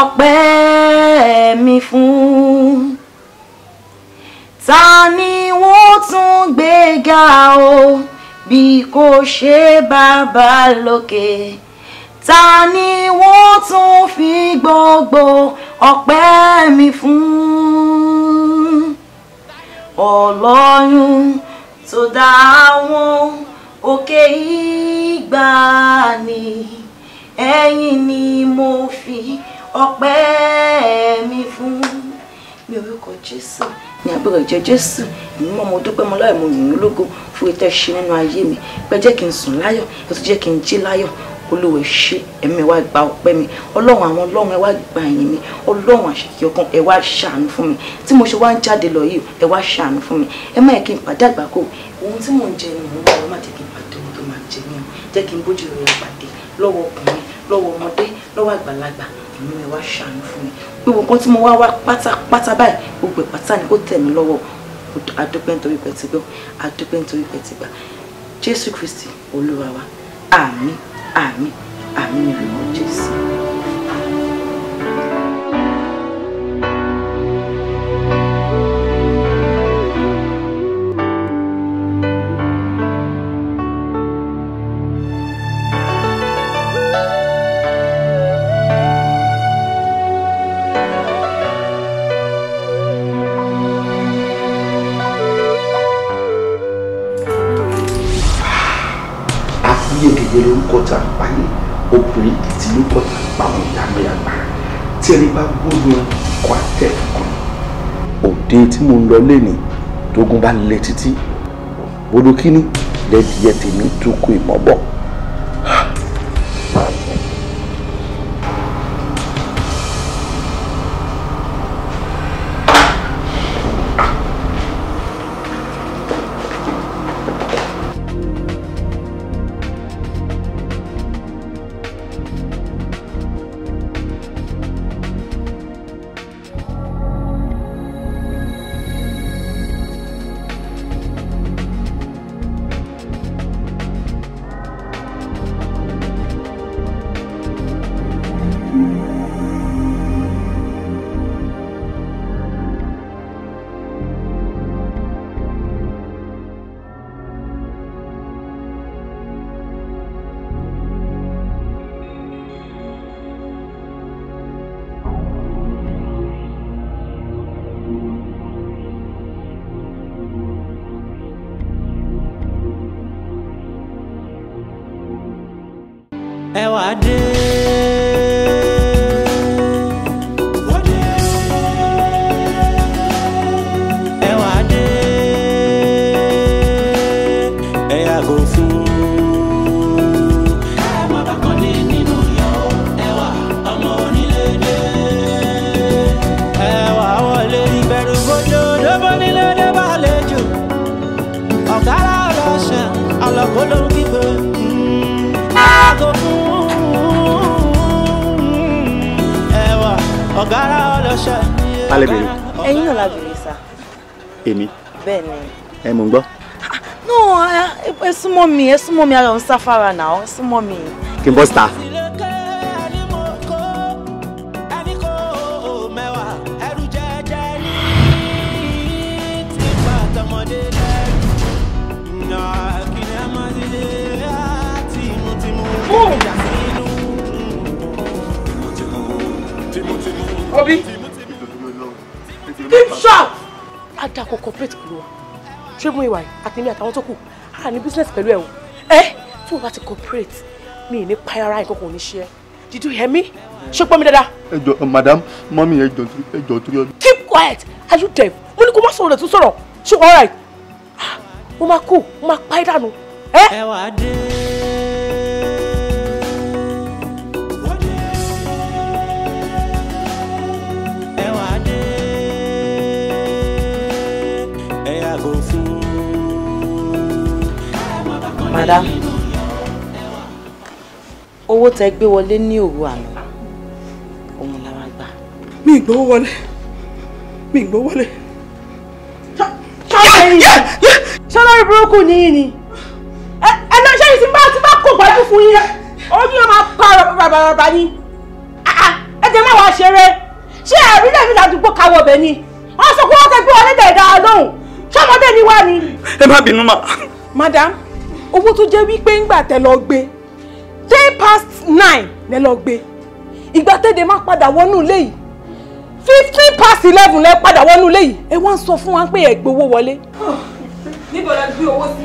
ọpẹ́ mi fún ta ni wọ́n tún gbéga o bí kò ṣe bàbá lókè ta ni wọ́n tún fi gbogbo ọpẹ́ mi fún ọlọ́run tó dá wọn òkè ìgbà ni ẹ̀yìn ni mo fi ọpẹ́ mi fún mi orúkọ jésù ní agbára ìjẹ jésù èmi mọ mo dúpẹ́ mo láì mo yìn ín lógo fún ètò ẹṣin nínú ayé mi pé jẹ́ kí n sùn láyọ̀ ẹ tún jẹ́ kí n jí láyọ̀ olówó ṣe ẹ̀mí wa gba ọpẹ́ mi ọlọ́run àwọn ọlọ́run ẹ wá gba ẹ̀yìn mi ọlọ́run àṣekì ọkàn ẹ wá ṣàánú fún mi tí mo ṣe wá ń jáde lọ yìí ẹ wá ṣàánú fún mi ẹ má yẹ kí n pàdé àgbákò ohun tí mò ń jẹ ni mò ń wá ọ má jẹ́ kí n pàdé ohun tó máa jẹ mí o jẹ́ kí n bójú rẹ pàdé lọ́wọ́ ọkùnrin lọ́wọ́ ọmọdé lọ́wọ́ àgbàlagbà èmi rẹ̀ wá ṣàánú fún mi gbogbo nǹkan tí mo wá wá pátápátá báyìí gbogbo ìpátá ni kò tẹ̀ mí lọ́wọ́ adúpẹ́ nítorí pẹ̀ ti gbọ́ adúpẹ́ nítorí pẹ̀ ti gbà jésù kristi olúwa wa àmín àmín àmín ìrìnà jésù. gbóòórùn kwátẹ̀ kan òde tí mo ń lọ lẹ́nì tógun bá lẹ títí bolokini lẹ́dìí ẹ̀ tèmi I did. ń sáfárà náà súnmọ́ mi. kí Obi, keep sharp. Adakọ̀ corporate kúrò wa, ṣé mú ìwà yìí àti èmi àtàwọn tó kù, a ní business pẹ̀lú ẹ̀ o tí wọ́n ti cooperate mi ì ní payara nǹkan kò ní ṣe ẹ́ did you hear me ṣé pọ́n mi dáadáa. ẹ jọ eh, madam mọ́mí ẹ jọ torí ọdún. keep quiet are you deaf mo ní kó má sọ̀rọ̀ rẹ̀ tún sọ̀rọ̀ ṣé all right ah, mo máa kó mo máa pa ẹ́ dànù. ẹ Madam, owó tẹ gbé wọlé ní òru àná òun la wá gbà. mi ìgbówó wọlé mi ìgbówó wọlé. ṣọlọ́rí burúkú ni yìí ni ẹ náà ṣe ìsìn bá ti bá kó gbájú fún yín orí ọmọ pa rọ̀bàrọ̀bà ni ẹ jẹ́ máa wá ṣeré ṣé àrílẹ̀ mi ládùúgbò káwọ́ ọbẹ̀ ni wọ́n sọ pé wọ́n tẹ gbé wọlé dẹ̀dá lóhùn ṣọmọdé ni wá ni. ẹ má bínú ma. madam owó tó jẹ́ wípé ńgbà tẹ lọ gbé ten past nine lẹ lọ gbé ìgbà tẹ́dẹ̀ máa padà wọnú ilé yìí fifteen past eleven lẹ padà wọnú ilé yìí ẹ wá ń sọ fún wa pé ẹ gbowó wọlé. níbo la gbé owó sí.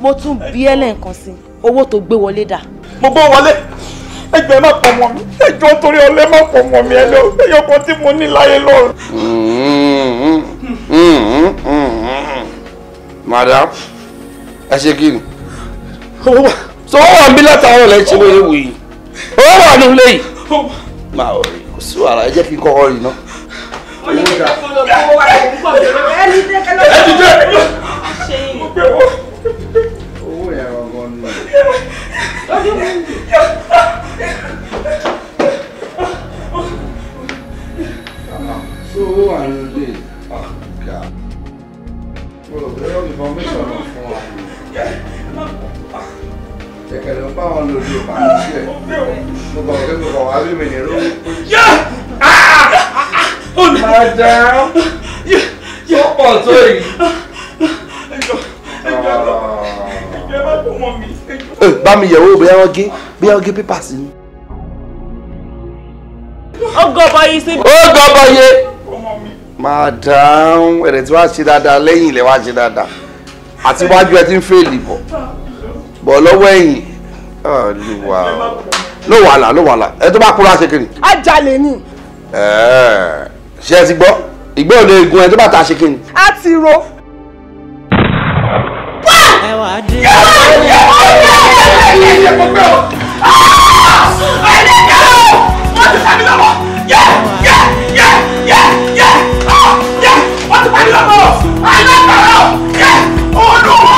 mo tún bí ẹ lẹ́ǹkan sí owó tó gbé wọlé dà. mo bọ́ wọlé ẹgbẹ́ ẹ má pọ̀ mọ́ mi ẹjọ́ torí ọlẹ́ má pọ̀ mọ́ mi ẹ lọ ẹyọkọ tí mo ní láyé lọ́rùn. Mm-hmm. Mm-hmm. Mm-hmm madam ẹ ṣe kí ni. so ó wà ń bí látàárọ̀ lẹ́yìn tí mo lè wù yìí ó wà ní ilé yìí. máa ò rí kò sí wàhálà ẹ jẹ́ kí n kọ́kọ́ rí iná. ẹ ti dé. owó yẹn ọgbọ́n ni. so ó wà ní ilé yìí olùgbéyàwó Bá mi yẹ̀wò bóyá wọ́n gé bóyá wọ́n gé pépà sí ni. Ó gọbọ yìí sí. Ó gọbọ yìí madam ẹ̀rẹ̀ tí wàá ṣe dáadáa lẹ́yìn ilẹ̀ wàá ṣe dáadáa àti wájú ẹ ti ń fèlì bọ̀ bọ̀ lọ́wọ́ ẹ̀yìn lùwà ló wà là ló wà là ẹ tó bá kúrò àṣekèrè. ajalè ni. ṣé ẹ ti gbọ́ ìgbẹ́ ò lè gun ẹ tó bá ta àṣekèrè. a ti ro. ẹwà dín. ẹ̀ẹ́dẹ̀gbọ́n ẹ̀ẹ́dẹ̀gbọ́n ẹ̀ẹ́dẹ̀gbọ́n alákọ̀ọ́ alákọ̀ọ́ yẹ olùwọ́.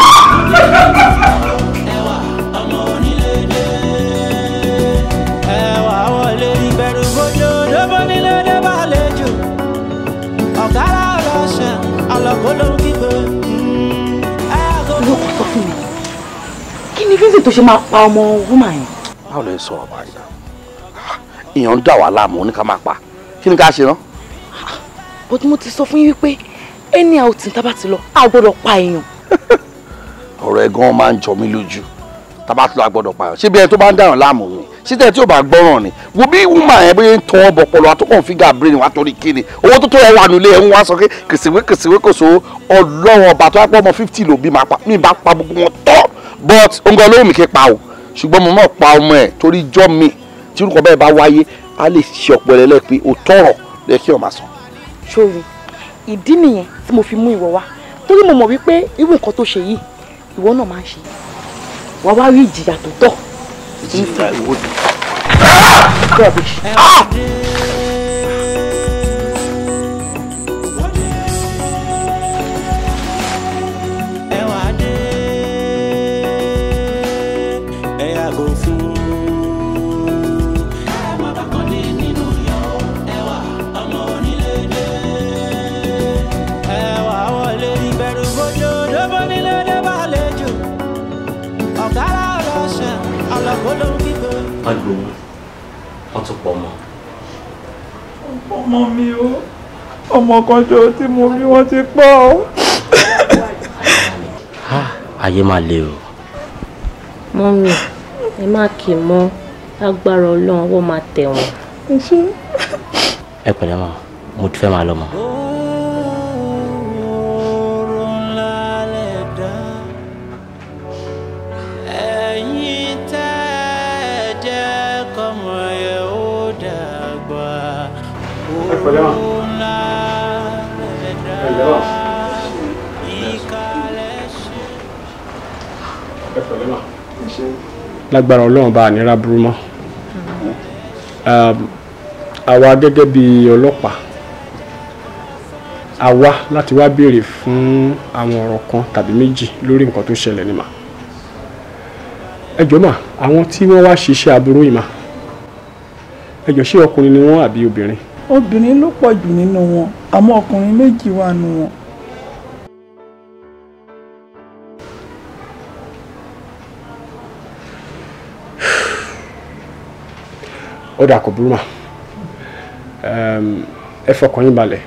ẹwà ọmọ onílédè ẹwà wọlé ìbẹ̀rù bójú lóbó nílédè bá lejò ọ̀gára ọlọ́ṣẹ́ ọlọ́kọ́ ló ń kígbe. olóòkú sọ fún mi kí ṣe máa pa ọmọ wúmà yẹn. báwo lè sọ̀rọ̀ báyìí náà èèyàn ń dà wá láàmú ní kí ni ká ṣe náà. bó ti mo ti sọ fún yín wípé ẹni àwọn tí tá bá ti lọ a gbọ́dọ̀ pa èèyàn. ọ̀rọ̀ ẹ̀ gan máa ń jọ mí lójú tá bá ti lọ a gbọ́dọ̀ pa èèyàn ṣé bí ẹni tó bá ń dàrán láàmú mi síta tí o bá gbọ́ràn ni wo bí wúmà yẹn bóyá ń tan ọbọ̀ pọ̀lọ́ àtọkùn fígà brain wa torí kíni owó tó tó ẹ wà nílé ẹ ń wá sọ pé kìsìwé kìsìwé kò so ọlọ́run ọba tó wá pọ̀ ọmọ fifty ló bí mi bá pa gbogbo wọn tọ́ but nǹkan olówó mi kì í pa o ṣùgbọ́n mo máa pa ọmọ ẹ̀ torí jọ́ mi tí orúkọ bẹ́ẹ̀ bá wáyé a lè ṣe ọ̀pọ̀ ẹlẹ́lẹ́ pé o tọ̀rọ̀ lẹ́kí ọ̀ máa sọ. sórí ìdí nìyẹn tí mo fi mú ìwọ wá torí mo mọ̀ wípé irú nǹkan tó ṣe yìí ìwọ náà máa ń ṣe wàá wá rí ìjìyà tó tọ́. ìjìyà ìwọ́de. wọ́n gbowó wọ́n tún pọ̀ mọ́. ọmọ mi o ọmọ kan jọ tí mo rí wọ́n ti pọ̀ o. ayé máa le o. mọ́mí ẹ má kì í mọ́ lágbára ọlọ́run wọ́n máa tẹ̀ wọ́n. ẹ pẹ̀lẹ́ mọ́ mo ti fẹ́ máa lọ mọ́. pẹ̀lẹ́ wọn pẹ̀lẹ́ wọn ẹ pẹ̀lẹ́ wọn. lágbára ọlọ́run bá a nira burú mọ́ um, àwa gẹ́gẹ́ bí ọlọ́pàá a wá láti wá béèrè fún àwọn ọ̀rọ̀ kan tàbí méjì lórí nǹkan tó ṣẹlẹ̀ ní mà ẹ jọ̀ọ́ mà àwọn tí wọ́n wá ṣiṣẹ́ aburú yìí mà ẹ ṣé ọkùnrin ni wọ́n àbí obìnrin obìnrin ló pọ̀ jù nínú wọn àmọ́ ọkùnrin méjì wà nù wọn. ó dà kò burú mà ẹ fọkàn yín balẹ̀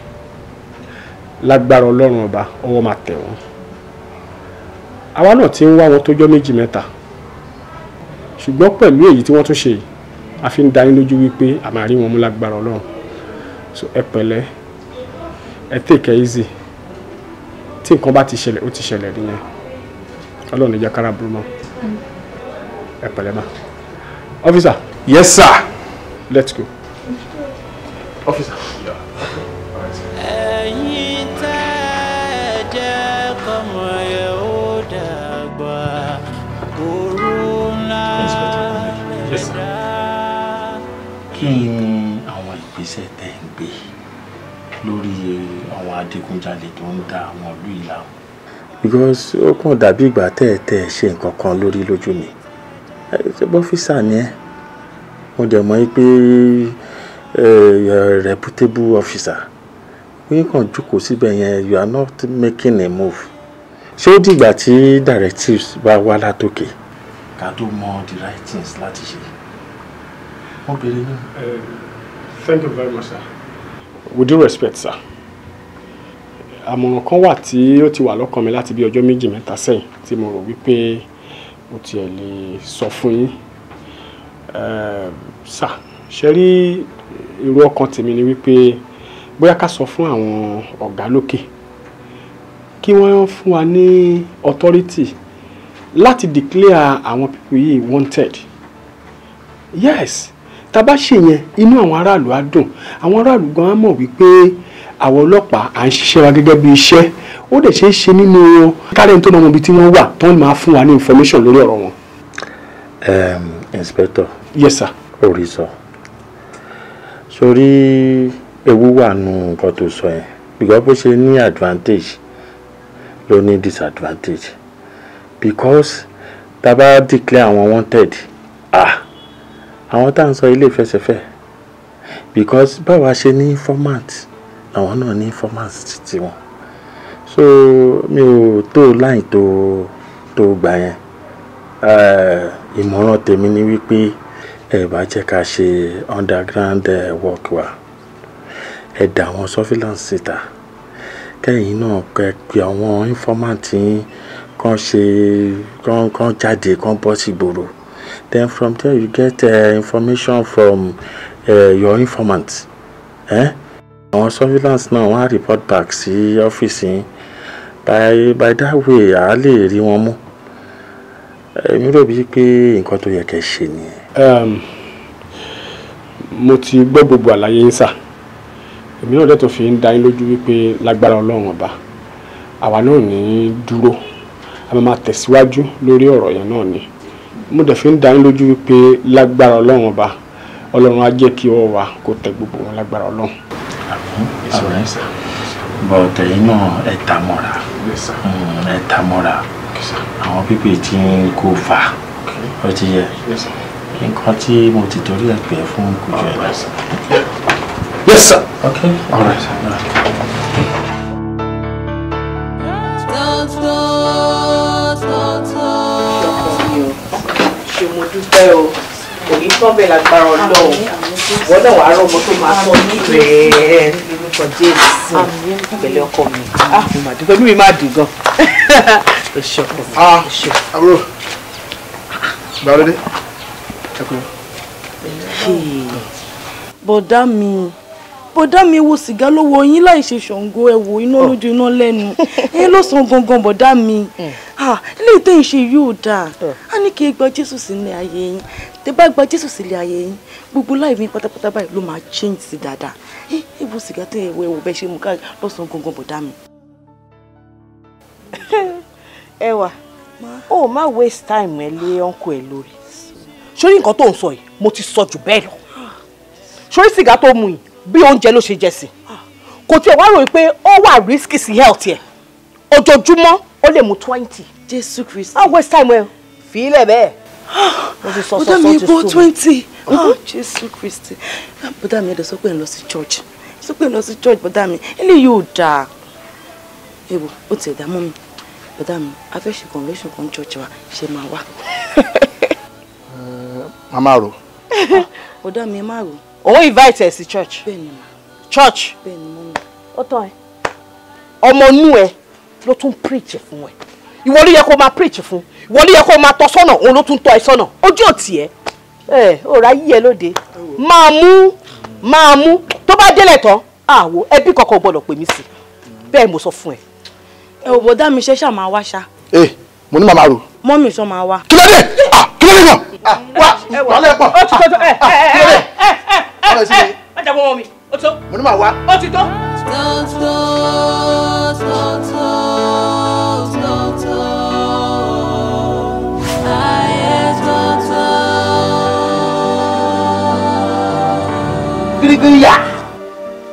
lágbára ọlọ́run ọba ọwọ́ máa tẹ̀ wọ́n àwa náà ti ń wá wọn tójọ́ méjì mẹ́ta ṣùgbọ́n pẹ̀lú èyí tí wọ́n tún ṣe yìí a fi ń dání lójú wípé a wọn mú lágbára ọlọ́run so ẹ pẹ̀lẹ́ ẹ take it easy tí nǹkan bá ti ṣẹlẹ̀ ó ti ṣẹlẹ̀ nìyẹn ọlọ́run ní jẹ́ kára burú mọ́ ẹ ma officer yes sir let's go officer. adigunjalè tó ń da àwọn ìlú yìí because ó kàn dàbí ìgbà tẹ́ ẹ tẹ́ ẹ ṣe nǹkan kan lórí lójú mi bọ́físà ni ẹ́ mo dẹ̀ mọ̀ pé reputable officer wọ́n kàn jókòó síbẹ̀ yẹn you are not making a move ṣé ó dìgbà tí directives bá wá látòkè. ká tó mọ the right things láti ṣe mo bèrè náà. thank you very much sir. with due respect sir àmọ̀ràn kan wà tí ó ti wà lọ́kàn mi láti bí ọjọ́ méjì mẹ́ta sẹ́yìn tí mo rò wípé mo tiẹ̀ lè sọ fún yín sà ṣe rí irú ọkàn tèmi ni wípé bóyá ká sọ fún àwọn ọ̀gá lókè kí wọ́n fún wa ní authority láti declare àwọn people yìí wanted yes tá a bá ṣèyẹn inú àwọn aráàlú á dùn àwọn aráàlú gan á mọ̀ wípé àwọn ọlọ́pàá à ń ṣiṣẹ́ wa gẹ́gẹ́ bí iṣẹ́ ó dẹ̀ ṣe é ṣe nínú wọn kárẹ́ni tó lọ́mọ ibi tí wọ́n wà tó ń máa fún wa ní information lórí ọ̀rọ̀ wọn. inspector. yes sir. orí sọ sórí ewu wà nù nǹkan tó sọ yẹn bìkọ́ bó ṣe ní advantage ló ní disadvantage because tá a bá declare àwọn wanted ah àwọn tá à ń sọ ilé ìfẹsẹ̀fẹ̀ because báwa ṣe ní informant àwọn náà ní informants títí wọn so mi ò tó láì tó tó gbà yẹn eh, ìmọ̀ràn tèmi ni wípé ẹ bá jẹ́ ká ṣe underground eh, work wa ẹ dà àwọn surveillance síta kẹ́yìn náà kẹ́ pe àwọn informant yín kàn ṣe kàn kàn jáde kàn bọ́ sí gbòòrò then from there you get uh, information from uh, your informant. Eh? àwọn surveillance náà wọ́n á report back sí ọ́fíìsì yín by by that way à á lè rí wọn mú èmi rò bíi pé nǹkan tó yẹ kẹ́ ṣe nìyẹn. Ehm, mo ti gbọ́ gbogbo àlàyé yín sà èmi náà dẹ́tọ̀ fi ń dá yín lójú wípé lágbára ọlọ́run ọba àwa náà ní dúró a máa tẹ̀síwájú lórí ọ̀rọ̀ yẹn náà ni mo dẹ̀ fi ń dá yín lójú wípé lágbára ọlọ́run ọba ọlọ́run á jẹ́ kí ọwọ́ wa kó tẹ gbogbo wọn lágbára ọlọ́run. Yes, sir. Right. sir. But ẹ̀yin eh, náà ẹ ta Yes, sir. Mm, ẹ ta Okay, sir. Àwọn pípé tí ń kó fà. Ó ti yẹ. Yes, sir. Nǹkan tí mo ti torí ẹ̀ pẹ́ fún kùjọ ẹ̀ lọ. Yes, sir. Okay. All right, All right. ṣe mo dúpẹ́ o kò ní tán bẹ́ẹ̀ lágbára ọlọ́run wọ́n náà wàá rọ́mọ tó máa sọ nífẹ̀ẹ́ lórúkọ jésù pẹ̀lú ọkọ mi. Ah, mo máa dúpẹ́ mi máa dùn gan. o ṣe ọkọ mi. Ah, àbúrò bàbá dé ẹ kú. bọ̀dá mi bọ̀dá mi wo sìgá lọ́wọ́ yín láì ṣe ṣàngó ẹ̀wò iná oh. lójú iná lẹ́nu yín ló san gangan bọ̀dá mi ilé hmm. ah, ìtẹ̀yìn ṣe yóò dáa oh. a ní kí ẹ gba jésù sínú ayé yín tẹ bá gba jésù sílé ayé yín gbogbo láì mi pátápátá báyìí ló máa change sí dáadáa ẹ ẹ sìgá tẹ ẹwọ ẹwọ bẹ́ẹ̀ ṣe mú káàkiri lọ́sàn-án gangan bọ̀dá mi. ẹwà ó má waste time ẹ lé ọ̀nkọ ẹ lórí sórí nǹkan tó ń sọ yìí mo ti sọ jù bẹ́ẹ̀ lọ sórí sìgá tó mu yìí bí oúnjẹ ló ṣe jẹ sí kò tiẹ̀ wá ròyìn pé ó wà risky sí health yẹn ojoojúmọ́ ó lè mu twenty. jésù kristu. má waste time ẹ fi ilẹ̀ bẹ́ẹ̀ bọ́dà mi bọ́ twenty ah. oh, jésù kristi bọ́dà mi ẹ̀dọ̀ sọ pé ń lọ sí church sọ pé ń lọ church bọ́dà mi eléyìí ò dáa ewu ó ti ẹ̀dá mọ́ mi bọ́dà mi a fẹ́ ṣe convention kan church wa ṣe máa wá. màmá rò. bọ́dà mi ẹ má rò. òun invite ẹ sí church. bẹ́ẹ̀ni ma. church. bẹ́ẹ̀ni mọ́ mi. ó tọ́ ẹ. ọmọ inú ẹ ló tún preach fún ẹ ìwọ ló yẹ kó máa preach fún wọ́n ló yẹ kó máa tọ́ sọ́nà òun ló tún tọ́ ẹ sọ́nà ojú òtí ẹ ẹ òòrà yí ẹ lóde máa mú máa mú tó bá délẹ̀ tán àwo ẹbí kankan ò gbọ́dọ̀ pè mí sí bẹ́ẹ̀ mo sọ fún ẹ. ẹ ò bọ́dá mi ṣẹ́ṣà máa wá ṣá. ee mo ní màmá rò. mọ́mì sọ máa wá. kí ló dé kí ló dé náà. wá wà lẹ́pọ̀. ó ti tó ẹ ẹ ẹ ẹ ẹ ẹ ẹ má jà bọ́ mi ó ti tó. mo ní màá wá. ó ti tó. tó tó tó tó. kirikiri yà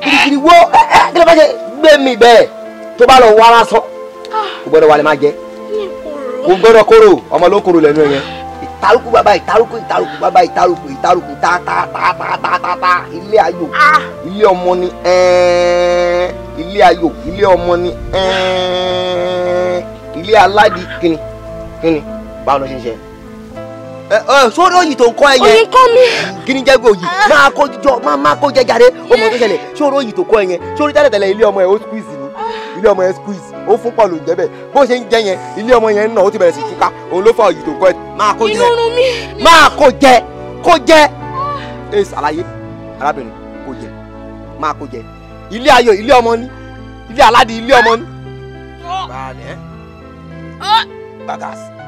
kirikiri wo ẹ eh, ẹ eh, kí ló bá jẹ gbé mi bẹ́ẹ̀ tó bá lọ wá lásán kò gbọ́dọ̀ wà lè má jẹ kò gbọ́dọ̀ kóró ọmọ ló kóró lẹ́nu yẹn ìtàlùkù bàbá ìtàlùkù ìtàlùkù bàbá ìtàlùkù ìtàlùkù tá tá tá tá tá tá tá ilé ayò ilé ọmọ ni ilé ayò ilé ọmọ ni ilé aládìí kíni báwo ló ṣe ń ṣe sórí òyì tó ń kọ́ ẹ yẹn òyì kọ́ mi kíni jẹ́ gbòòyì ah. máa kó jọ máa máa kó jẹ jàre ó mọ̀ tó ṣẹlẹ̀ sórí òyì tó kọ́ ẹ yẹn sórí tẹ́lẹ̀ tẹ́lẹ̀ ilé ọmọ ẹ ó squeeze ni ah. ilé ọmọ ẹ squeeze ó fún pọ̀ ló ń jẹ́bẹ̀ bó ṣe ń jẹ yẹn ilé ọmọ yẹn ń nà ó ti bẹ̀rẹ̀ sí túká òun ló fa òyì tó kọ́ ẹ máa kó jẹ máa kó jẹ kó jẹ ah. ẹ ṣàlàyé arábìnrin kó jẹ máa kó jẹ ilé ayọ̀ ilé ọmọ ní ilé aládìí ilé ọmọ ní. bàálẹ̀ bàgàsì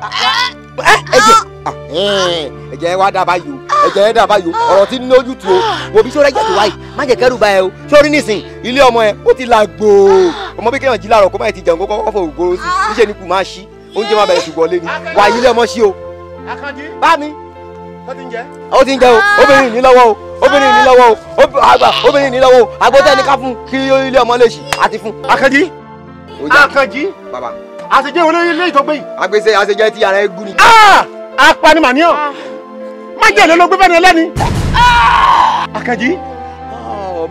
ẹ̀jẹ̀ ẹ̀jẹ̀ wa dà báyìí o ẹ̀jẹ̀ yẹn dà báyìí o ọ̀rọ̀ tí ní lójú tu o wo bí sọ́ra ẹ̀jẹ̀ tó wáyìí má jẹ́ kẹ́rù báyìí o sórí nísìn ilé ọmọ yẹn ó ti la gbòò ọmọ bí kéèyàn jí láàárọ̀ kó má yẹ ti jẹun kó fọ ògoro sí níṣẹ́ ni kù máa ṣí oúnjẹ máa bẹ̀rẹ̀ ṣùgbọ́n lé ni wà ilé ọmọ ṣí o. bá bami. ó ti ń jẹ o obìnrin ní lọ́wọ́ o obìnrin ní lọ́wọ́ o obìnrin ní lọ́wọ́ o agbótẹ́ni ká fún kí ilé baba àṣejẹ olórí ilé ìtọ́gbẹ́ yìí. àgbèsè àṣejẹ ti ara egun ni. Ah! apanimàníyàn ah! májèlé ló gbé fẹ́ni ẹlẹ́ni. Ah! àkànjí.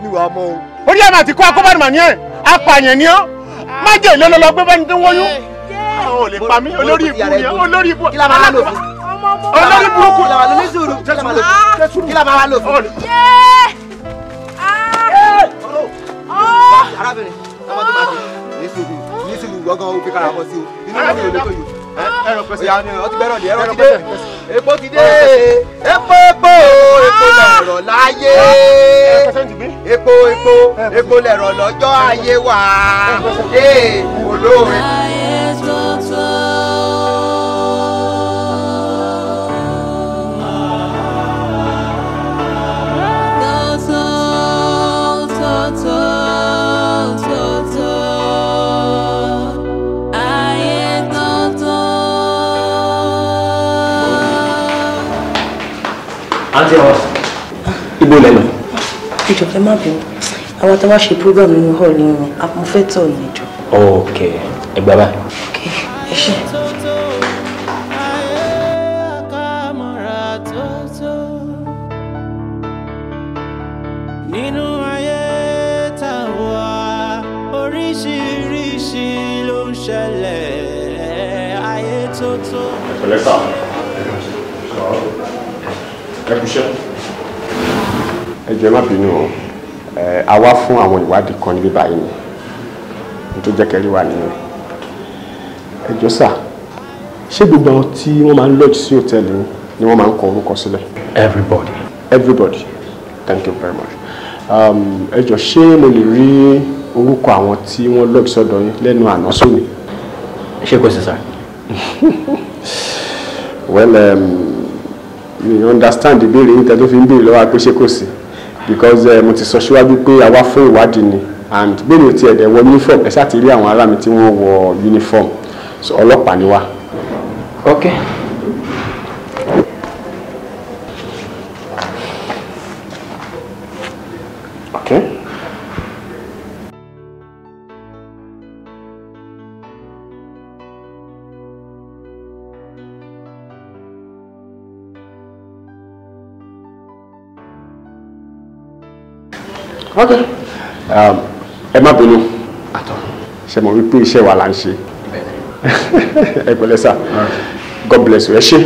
mi wàá mọ o. orí ẹ̀ máa ti kó akóbánimàníyàn apààyàn ni ọ́ májèlé ló lọ gbé fẹ́ni tó wọ́yún. o lè pa mí olórí ikú ni olórí ikú. kí la máa lò fún. olórí burúkú. kí la máa lò fún. arábìnrin gbọ́ngàn ó fi kára kọ sí o nínú ìlú mi ò lè tó yìí ẹ̀rọ pẹ̀sẹ̀ ìyá ni ọtí bẹ́rọ̀ ni ẹ̀rọ ti dé epo ti dé epo epo epo lẹ̀rọ̀ láyé epo epo epo lẹ̀rọ̀ lọ́jọ́ ayé wa olóore. àǹtí ọ̀hún. ibo lẹ lọ. ìjọ ẹ má bínú àwọn tó wá ṣe program nínú hall ni wọn mo fẹ́ tọ̀ ní ìjọ. ok ẹ gbà bá. ok ẹ ṣe. nínú ayé a wà oríṣiríṣi ló ń ṣẹlẹ̀ ayé tó ẹ kú iṣẹ́. ẹ jẹ́ má bínú o a wá fún àwọn ìwádìí kan níbí báyìí ni nítorí jẹ́ kẹ́rí wà nínú ẹ jọ sà ṣé gbogbo àwọn tí wọ́n máa ń lodge sí hòtẹ́ẹ̀lì ni wọ́n máa ń kọ orúkọ sílẹ̀. everybody. everybody thank you very much um, ẹ jọ ṣé mo lè rí orúkọ àwọn tí wọ́n lodge sọ́dọ̀ yín lẹ́nu àná sóni. ṣé kò sí sá. well um, you understand ìbéèrè yín tẹ́ tó fi ń béèrè lọ́wọ́ àpèṣe kò sí because eh, mo ti sọ síwájú pé a wá fún ìwádìí ni and béèrè ti ẹ̀dẹ̀ wọ uniform ẹ̀ ṣáà ti rí àwọn ará tí wọ́n wọ uniform so ọlọ́pàá ni wá. okay. ok um, ẹ má bínú àtọ ṣe mọ̀ wípé iṣẹ́ wa là ń ṣe ẹ pẹ̀lẹ́ sà god bless you ẹ ṣé.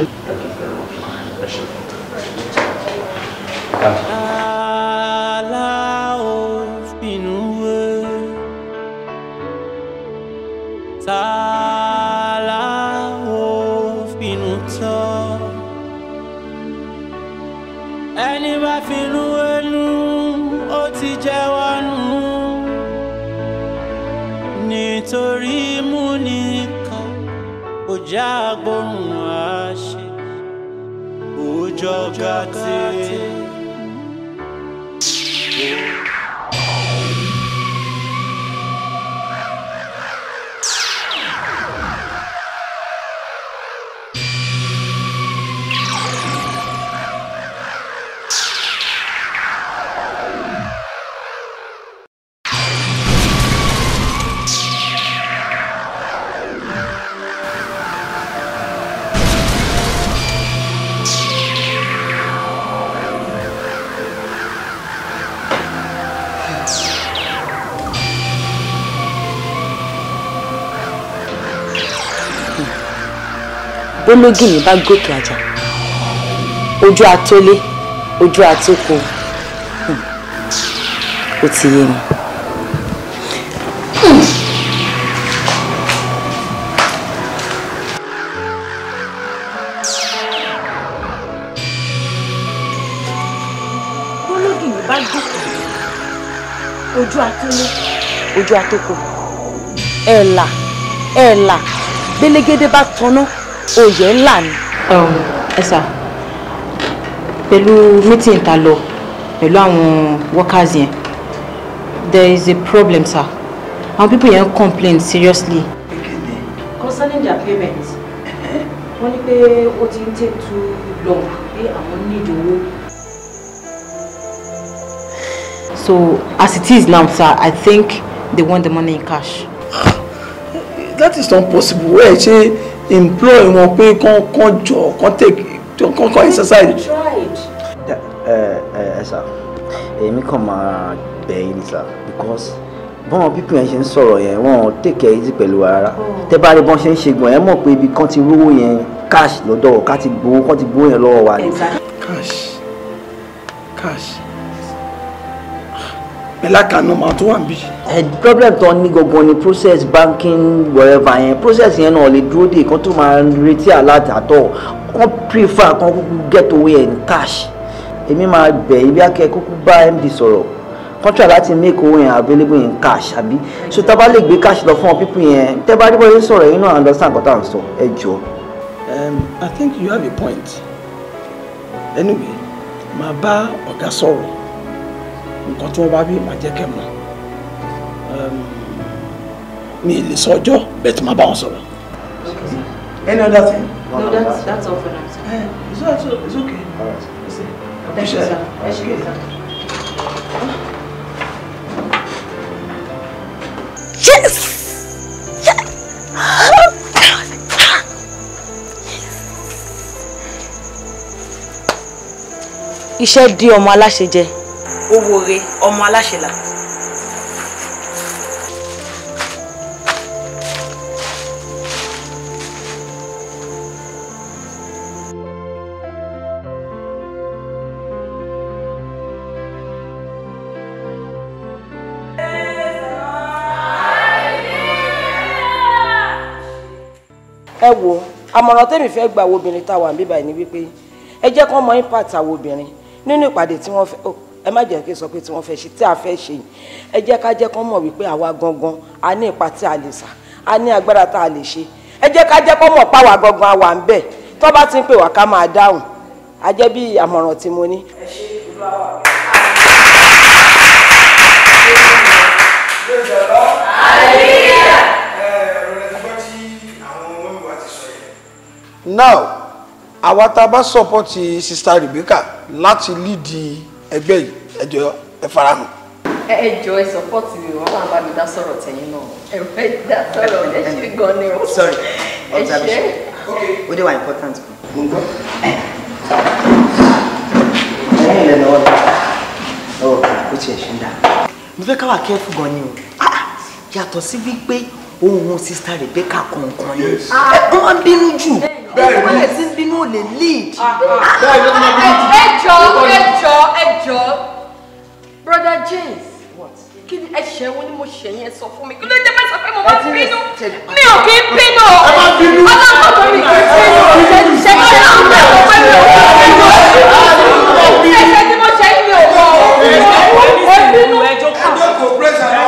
bólógìní bá gòkè àjà ojú atólé ojú atóko hmm. ó ti yé mi. bólógìní bá gòkè ojú atólé ojú atóko ẹ̀là ẹ̀là gbélégédé bá tanná oyè ńlá ni. Um, ẹ sà pẹ̀lú mítìn ta lọ pẹ̀lú àwọn workers yẹn there is a problem sir àwọn people yẹn complain seriously. concerning their payment wọ́n ní pé ó ti ń take too long pé àwọn need owó. so as it is now sir i think they want the money in cash. that is not possible wey ṣe employ wọn pé kán kán jọ kán take kán kán exercise. ẹ ẹ sà èmi kàn máa bẹ̀ yín sà because bọ́n pípín yẹn ṣe ń sọ̀rọ̀ yẹn wọ́n take care easy pẹ̀lú ara oh. tẹ́ bá rí bọ́n ṣe ń ṣe gbọ̀n yẹn mọ̀ pé ibi kan ti rówó yẹn cash lọ́dọ̀ ká ti gbowó kán ti gbowó yẹn lọ́wọ́ wa cash cash lákàánú máa tó wà níbí. ẹ problem tó ní gangan ni process banking wherever yẹn process yẹn náà lè dúró de kan tó máa retí aládàtọ̀ kan prefer kan kúkú get away in cash èmi máa bẹ̀ ibi akẹ́ kúkú bá md sọ̀rọ̀ contract láti make owó yẹn available in cash àbí so tá a bá lè gbé cash lọ fún ọ pípín yẹn tẹ́ bá rí bọ́lá sọ̀rọ̀ yín náà understand nǹkan ń sọ ẹ jọ. I think you have a point anyway màá bá ọ̀gá sọ̀rọ̀ nǹkan tí wọ́n bá bí màá jẹ́ kẹ́ mọ̀ mi ì lè sọ ọjọ́ bẹ́ẹ̀ tí màá bá wọn sọ̀rọ̀. any other thing. no, no that's that's all for now. Sir. Uh, it's, all, it's okay. All right. Listen, I appreciate it. Thank you, sir. Yes! Yes! iṣẹ́ di ọmọ aláṣẹ jẹ owó re ọmọ aláṣẹlà. ẹ wo àmọ̀ràn tèmi fẹ́ gba àwọn obìnrin táwa ń bíbáyìí ni wípé ẹ jẹ́ kó mọ impact àwọn obìnrin nínú ìpàdé tí wọ́n fẹ́ ẹ má jẹ́ kí n sọ pé tí wọ́n fẹ́ ṣe tí a fẹ́ ṣe yìí ẹ jẹ́ ká jẹ́ kán mọ̀ wípé àwa gangan a ní ipa tí a lè sà a ní agbára tá a lè ṣe ẹ jẹ́ ká jẹ́ kán mọ̀ páwa gangan àwa ń bẹ̀ tó bá ti ń pè wá ká máa dáhùn a jẹ́ bí àmọ̀ràn tí mo ní. now àwa tá a bá sọpọ́tì sista Rebecca láti lídìí ẹgbẹ́ yìí ẹ jọ̀ọ́ ẹ farahàn. ẹ jọ̀ọ́ ẹ sọpọ́ọ̀tì mi wọ́n máa bá mi dá sọ̀rọ̀ tẹ̀yìn náà ẹ dá sọ̀rọ̀ ẹ ṣe gan ni o. sorry observation ó dé wà important. mo ń gbọ́. ẹ̀yin ilẹ̀ náà wọ́n lọ ó tiẹ̀ ṣe ń dá. mo fẹ́ ká wà kẹ́fù gan ni o ah, ah, yàtọ̀ sí wípé ohun sista Rebecca kọ̀ọ̀kan ni wọ́n bínú jù bẹ́ẹ̀ ni ìpínlẹ̀ tí ń bínú ò lè lead. bẹ́ẹ̀ ni ọmọ bíi ti. ẹjọ ẹjọ ẹjọ brother James kí ni ẹ̀ṣẹ̀ wo ni mo ṣe yẹn sọ fún mi kí ló dé bá sọ pé mo máa bínú mi ò kí ń bínú ọlọ́pàá tó mi kì í bínú ṣe kí ọlọ́pàá tó mi pé mi ò kí ń bínú ẹ̀ṣẹ̀ tí mo ṣe yìí mi ò mọ̀ ọ́ bínú. ẹjọ́ kò pèsè àná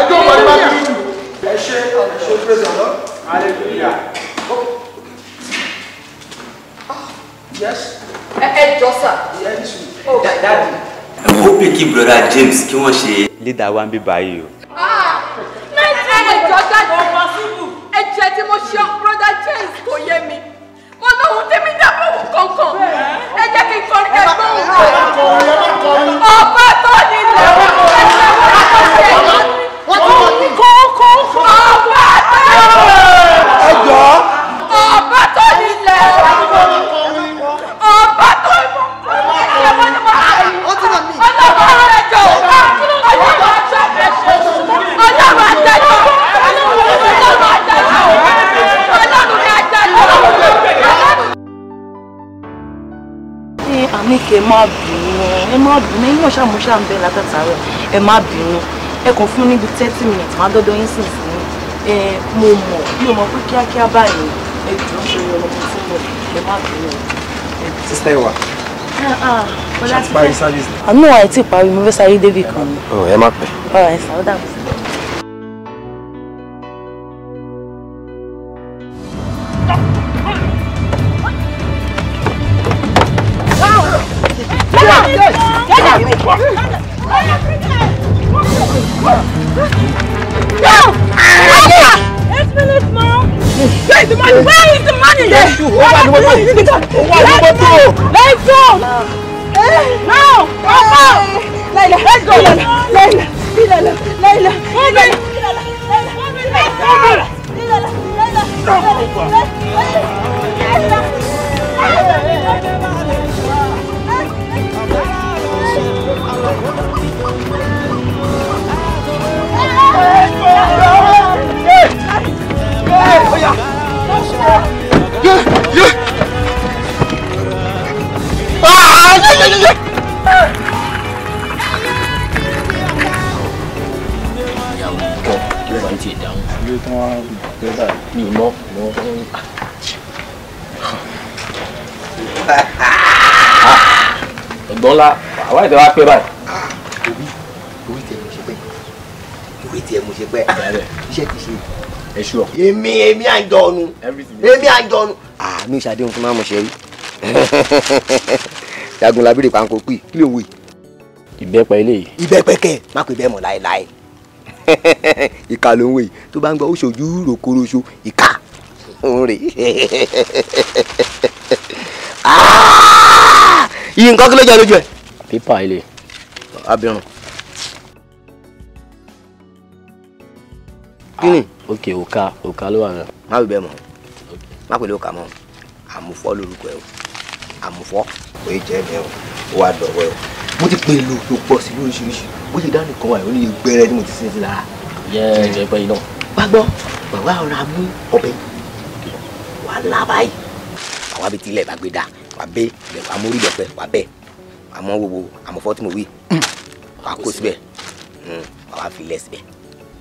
ẹjọ́ kò pèsè àná ẹ̀ṣẹ̀ àṣẹ pèsè àná. Yes, eh sà. dáàdi. ó pè kí broda James kí you ṣe. lídà wa ah, James kò yé mi mo lóhun tèmi dábọ̀ wù kankan ẹ jẹ́ kí n kọrin ẹ gbọ́ wù kankan. ọba tó ní ilẹ̀ wọn ẹ jẹ́ wọn kọ́ sí ẹ̀yìn. wọ́n ti kọ́ kọ́ kọ́. ọba tó ní ilẹ̀ wọn. ẹ ní kí ẹ má bínú ẹ má bínú ẹ náà ṣàmúṣà ń bẹ látàtàrọ ẹ má bínú ẹ kàn fún níbi thirty minutes má dọ́dọ̀ yín sì fún ẹ mo mọ̀ mi ò mọ̀ pé kíákíá báyìí ẹ jọ ṣe ọmọ mi fún mi ẹ má bínú. sista iwa ah, ah. ṣàtìparí service. àánú àìtí parí mo fẹ́ sáré débì kan ni. Oh, ẹ má pẹ́. ọ̀rọ̀ ẹ̀ sàrọ́dà mi. ẹ̀gbọ́n ńlá àwọn ìtẹ̀wá pé báyìí. ẹ ṣú ọ. èmi èmi àjọnu èmi àjọnu. àmì ah, ìṣàdéhùn fún máàmù ṣe rí jagun labire panko pè kí ló ń wí. ìbẹ́pẹ eléyìí. ìbẹ́pẹ kẹ má pè bẹ́ẹ̀ mọ̀ láéláé. ìka ló ń wí tó bá ń gbọ́ ó ṣojú rokoroṣo ìka òun rè ah! yìí nǹkan kí ló jẹ́ lójú ẹ̀. pépà ilé. abirùn. kí ni. ok òka òka ló wà náà. má wí bẹ́ẹ̀ mọ́ má pèlè òka mọ́ àmúfọ́ lórúkọ ẹ̀ o àmúfọ́ kò í jẹ́ ẹ̀ o ó wà dọ̀wọ́ ẹ̀ o mo ti pè lò tó pọ̀ sí lóríṣiríṣi bó ti dá nìkan wà lórí gbẹrẹ tí mo ti sin sí lára. yẹ ẹ ẹ pẹ́ yìí náà. wá gbọ́ bàbá ọ̀rọ̀ amú ọbẹ̀ wà lábàáyé àwa bíi tilẹ̀ bá gbé dà wà bẹ́ẹ̀ wà mórí bẹ̀ pẹ́ wà bẹ́ẹ̀ àmọ́ wo wo àmọ́fọ́ tí mo wí hmm. wà kó síbẹ̀ hmm. wà wá fi lẹ̀ síbẹ̀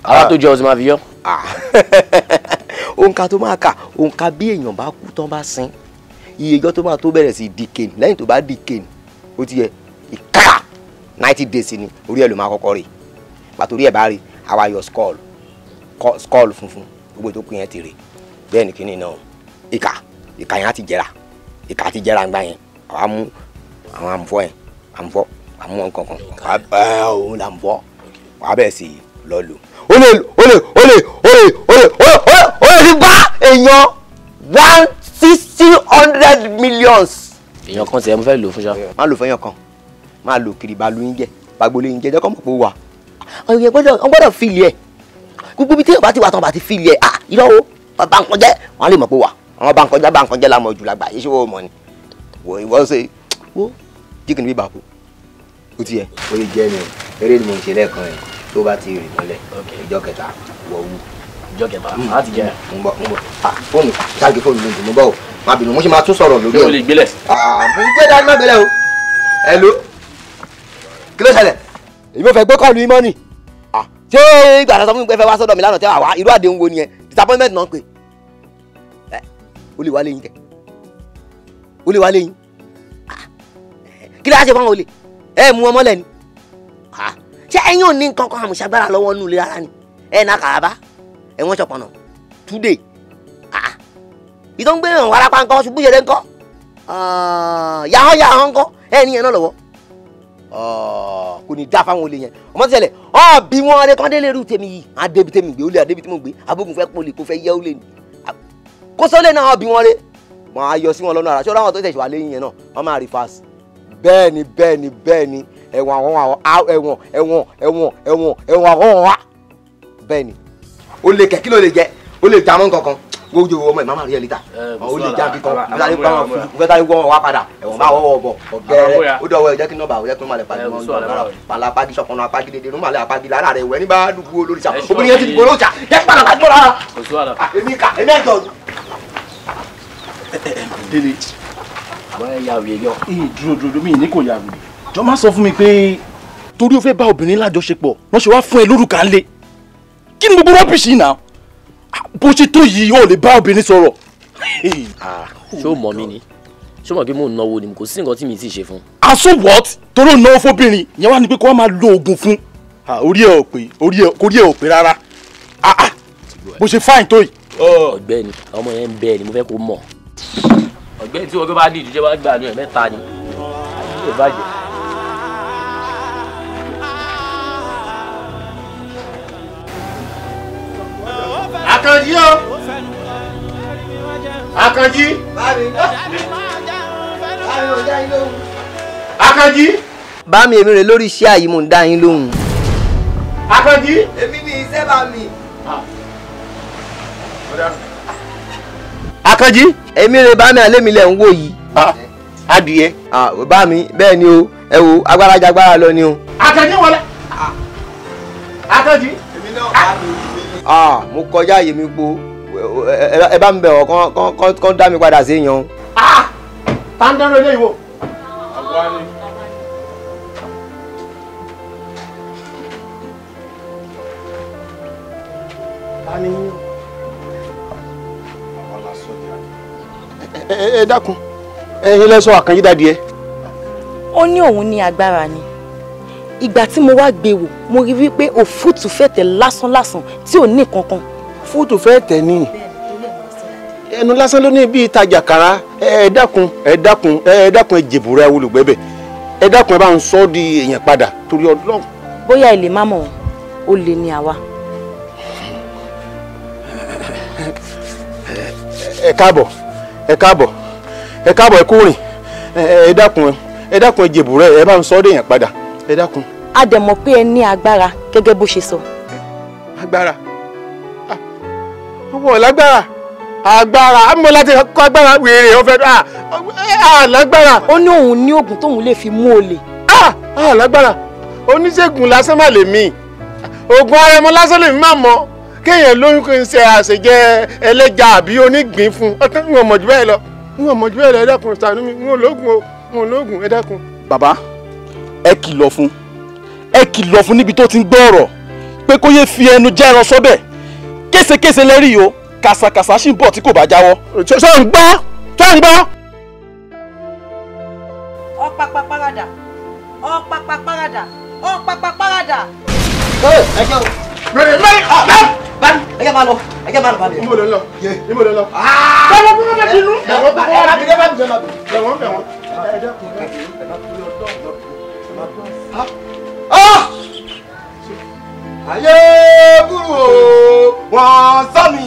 ara ah. tó jẹ ọsẹ máa fi yọ. Ah. òǹkà tó máa kà òǹkà bí èèyàn bá kú tán bá sin iye ìjọ tó máa tó bẹ̀rẹ̀ sí dìkẹ̀nì lẹ́yìn tó bá dìkẹ̀nì ó ti yẹ ìkà ninety days ni orí ẹ̀ ló máa kọ́kọ́ rè pàtó orí ẹ̀ bá rè àwa yọ skull skull funfun gbogbo tó kù yẹn ti rè bẹ́ẹ̀ ni kínní náà ìkà ìkà yẹn á ti jẹrà ìkà á ti jẹrà ńgbà yẹn àwa mú àwọn àmfọ yẹn àmfọ àmú wọn kankan àwa bẹ́ẹ̀ sì lọ́ọ́ lò o lè o lè o lè o lè o lè o lè o lè bá èèyàn one sixty hundred millions. èèyàn kan tiẹ̀ mo fẹ́ lò fún ṣá. má lò fẹ́yàn kan má lò kiri balu yín jẹ bagbolé yín jẹ jẹ́ kọ́ mọ̀ pé ó wà. ọ̀yẹ̀ gbọ́dọ̀ ọ gbọ́dọ̀ fìlì ẹ̀ gbogbo ibi tí yóò bá ti wà tán bá ti fìlì ẹ̀ à irọ́ o bàbá nǹkan jẹ́ wọ́n lè mọ̀ pé wà àwọn bá nǹkan jẹ́ bá nǹkan jẹ́ lámọ̀ jù lágbà yìí ṣé wọ́n mọ̀ ni wọ́n ṣe wó jíkìnnì bíbà kú ó ti yẹ. ó yẹ jẹ́ mi eré ni mo ń ṣe lẹ́ẹ̀kan yẹn tó bá ti rìn lọlẹ ìjọ kẹta wọ wú. ìjọ kẹta hmm. láti jẹ. n bọ n bọ ah fóònù ṣáàgì fóònù lóògùn mo bọ o má bínú mo ṣe máa tún sọ̀rọ̀ lórí o. yóò lè gbélẹ̀. àbí ah, gbé dání má gbélẹ̀ o. hello kí ló ṣẹlẹ̀. èmi ò fẹ́ gbé kọ́ọ̀lù yín mọ́nì. Ah, ṣé ìgbà àtàtà fún mi pé fẹ́ wá sọ́dọ̀ mi lánàá tẹ́ wà wá irú àdéhùn wo nìyẹn disappointment náà ń pè. ẹ eh, o lè wá lẹ́yìn kẹ o lè wá lẹ́yìn ah, kí ló ṣe fún àwọn olè ẹ mú ọmọ lẹ́ni ṣé ẹ̀yin ò ní nǹkan kan àmùṣagbára lọ́wọ́ nù lé ara ni ẹ̀ náà kàràbá ẹ̀wọ̀n ṣọ̀pọ̀nà today ìtọ́ ń gbé ìrìn warapa nǹkan ṣubú ṣeré nǹkan yàhán yàhán nǹkan ẹ̀rín yẹn náà lọ́wọ́ ah, kò ní dá fáwọn olè yẹn ọmọ tí ṣẹlẹ̀ ọ bí wọn rẹ kán délé rú tèmi yìí á débi tèmi gbé olè àdébi tí mo gbé abógun fẹ́ pọlì kó fẹ́ yẹ olè ni kó sọlé náà bí wọn rẹ wọn yọ sí wọn lọ́nà ara ṣọ́ra wọn tó tẹ̀síwá lẹ́yìn yẹn náà wọn máa rí fast bẹ́ẹ̀ ni bẹ́ẹ̀ ni bẹ́ẹ̀ ni ẹ̀wọ̀n àwọn àwọn ẹ̀wọ̀n ẹ̀wọ̀n ẹ̀wọ̀n ẹ̀wọ̀n ẹ̀wọ̀n àwọn wa bẹ́ẹ̀ ni ó lè kẹ́ kí ló lè jẹ ó lè jamọ́ kankan gbogbo ọmọ ìmọ̀ àríyá lítà ó lè jam kíkan nígbàdí bá wọn fún un nígbàdí wọn wá padà ẹ̀wọ̀n bá wọ́wọ́ bọ̀ ọ̀gẹ́rẹ́ ó dọ̀wọ́ ẹ̀jẹ̀ kí nọ́ọ̀bà ó jẹ́ kí nọ́ọ̀bà lẹ̀ pàdé wọn pàlà pàdé sọkànnà apági dédé nọ́ọ̀bà lẹ̀ apági lára rẹ̀ wẹ̀ ní bá dùgbò olórí sa obìnrin yẹn ti dùgbò olórí sa jẹ́ padà bá dùgbò lára èmi kà èmi ẹ̀jọ̀. délé àbáyá yà wẹ̀ yọ dúró dúró mi ní kò yà wẹ̀ jọ má sọ fún mi pé torí o fẹ́ bá obìnrin lájọṣepọ̀ wọ́n ṣe wá fún ẹ lórúkà ńlẹ̀ kí ni gbogbo rọ́bìṣì náà bó ṣe tó yìí o lè bá obìnrin sọ̀rọ̀. Ah, ṣé o mọ̀ mi ni ṣé o mọ̀ pé mò ń náwó ni kò sí nǹkan tí mi ti ṣe fún. aso ah, what torí o náwó fóbìnrin yẹn wá ní pé kó wá máa lo oògùn fún ah, orí ẹ ò pé orí ẹ ò pé rárá bó ṣe fáìn tó yìí. Oh. ọ̀gbẹ́ni ọmọ yẹn ń bẹ ni mo fẹ́ kó mọ̀ ọ̀gbẹ́ni tí wọn bá dìjú jẹ wá gbà ní ẹ mẹ́ta ni ó lè Àkànjí o Àkànjí Àkànjí. bá mi èmi rè lórí iṣẹ́ àyè mò ń dá yín lóhùn. Àkànjí. èmi ni iṣẹ́ bá mi. Ah. Àkànjí. èmi rè bá mi àlẹ́ mi lẹ̀ ń wò yìí. Ah. adìyẹ. Ah, bá mi bẹ́ẹ̀ ni o ẹ wo agbára jagbára lọ ni o. Àkànjí wọlé. Àkànjí. èmi náà bá mi ah mo kọjá àyè mi po ẹ bá mi bẹ̀ ọ́ kán dá mi padà sí yan. Ah! tá ń dẹ́rọ ilé ìwò. ẹ dákun ẹ̀yin lẹ sọ àkànjí dàdí ẹ. ó ní òun ní agbára ni ìgbà tí mo wá gbé wò mo rí wípé òfútù fẹ̀tẹ̀ lásánlásán tí ò ní kankan. fútù fẹ̀tẹ̀ ni ẹnu lásán ló ní bí ìtajà kara ẹ dákun ẹ dákun ẹ dákun ẹ jèbùrẹ́ olùgbẹ́bẹ̀ ẹ dákun ẹ bá ń sọ ọ́ di èèyàn padà torí ọlọ́run. bóyá ilé má mọ̀ ó lè ní àwa. ẹ káàbọ̀ ẹ káàbọ̀ ẹ káàbọ̀ ẹ kúrìn ẹ dákun ẹ dákun ẹ jèbùrẹ́ ẹ bá ń sọ ọ́ di èèyàn padà. ẹ dákun. a dẹ̀ mọ̀ pé ẹ ní agbára gẹ́gẹ́ bó ṣe sọ. agbára wọn ah, lágbára agbára àmọ́ láti kọ́ agbára wèrè ọ̀fẹ́ ah, lágbára. ó ní òun fi mú olè. Ah, lágbára oníṣègùn lásán má lè mí oògùn ara lásán lè mí má mọ kéèyàn lóyún kí n ṣe àṣejẹ ẹlẹ́ja àbí fún ọtán ń ọmọ jù lọ ọmọ jù lọ ṣàánú mi ń ẹ kìlọ̀ fún ẹ kìlọ̀ fún níbi tó ti ń gbọ́ ọ̀rọ̀ pé kó yé fi ẹnu já ẹran sọ́bẹ̀ késekése lẹ́rìí o kàsàkàsà sì ń bọ̀ tí kò bá jáwọ́. ṣé ń gbọ́ ṣé ń gbọ́. ọ̀pápá parada ọ̀pápá parada ọ̀pápá parada. ẹ ẹ jẹ́ o. mẹ́rin mẹ́rin ọ̀pẹ́ bani ẹjẹ ma lọ ẹjẹ ma lọ bani. nbọ lọ lọ ye nbọ lọ lọ. bẹ̀rẹ̀ bí wọ́n bẹ ti nú. bẹ̀rẹ̀ bí wọ́n bẹ ti nú. bẹ̀rẹ̀ bí wọ́n bẹ ti nú. Ah! Ah! ayé burú o wọn sọ mi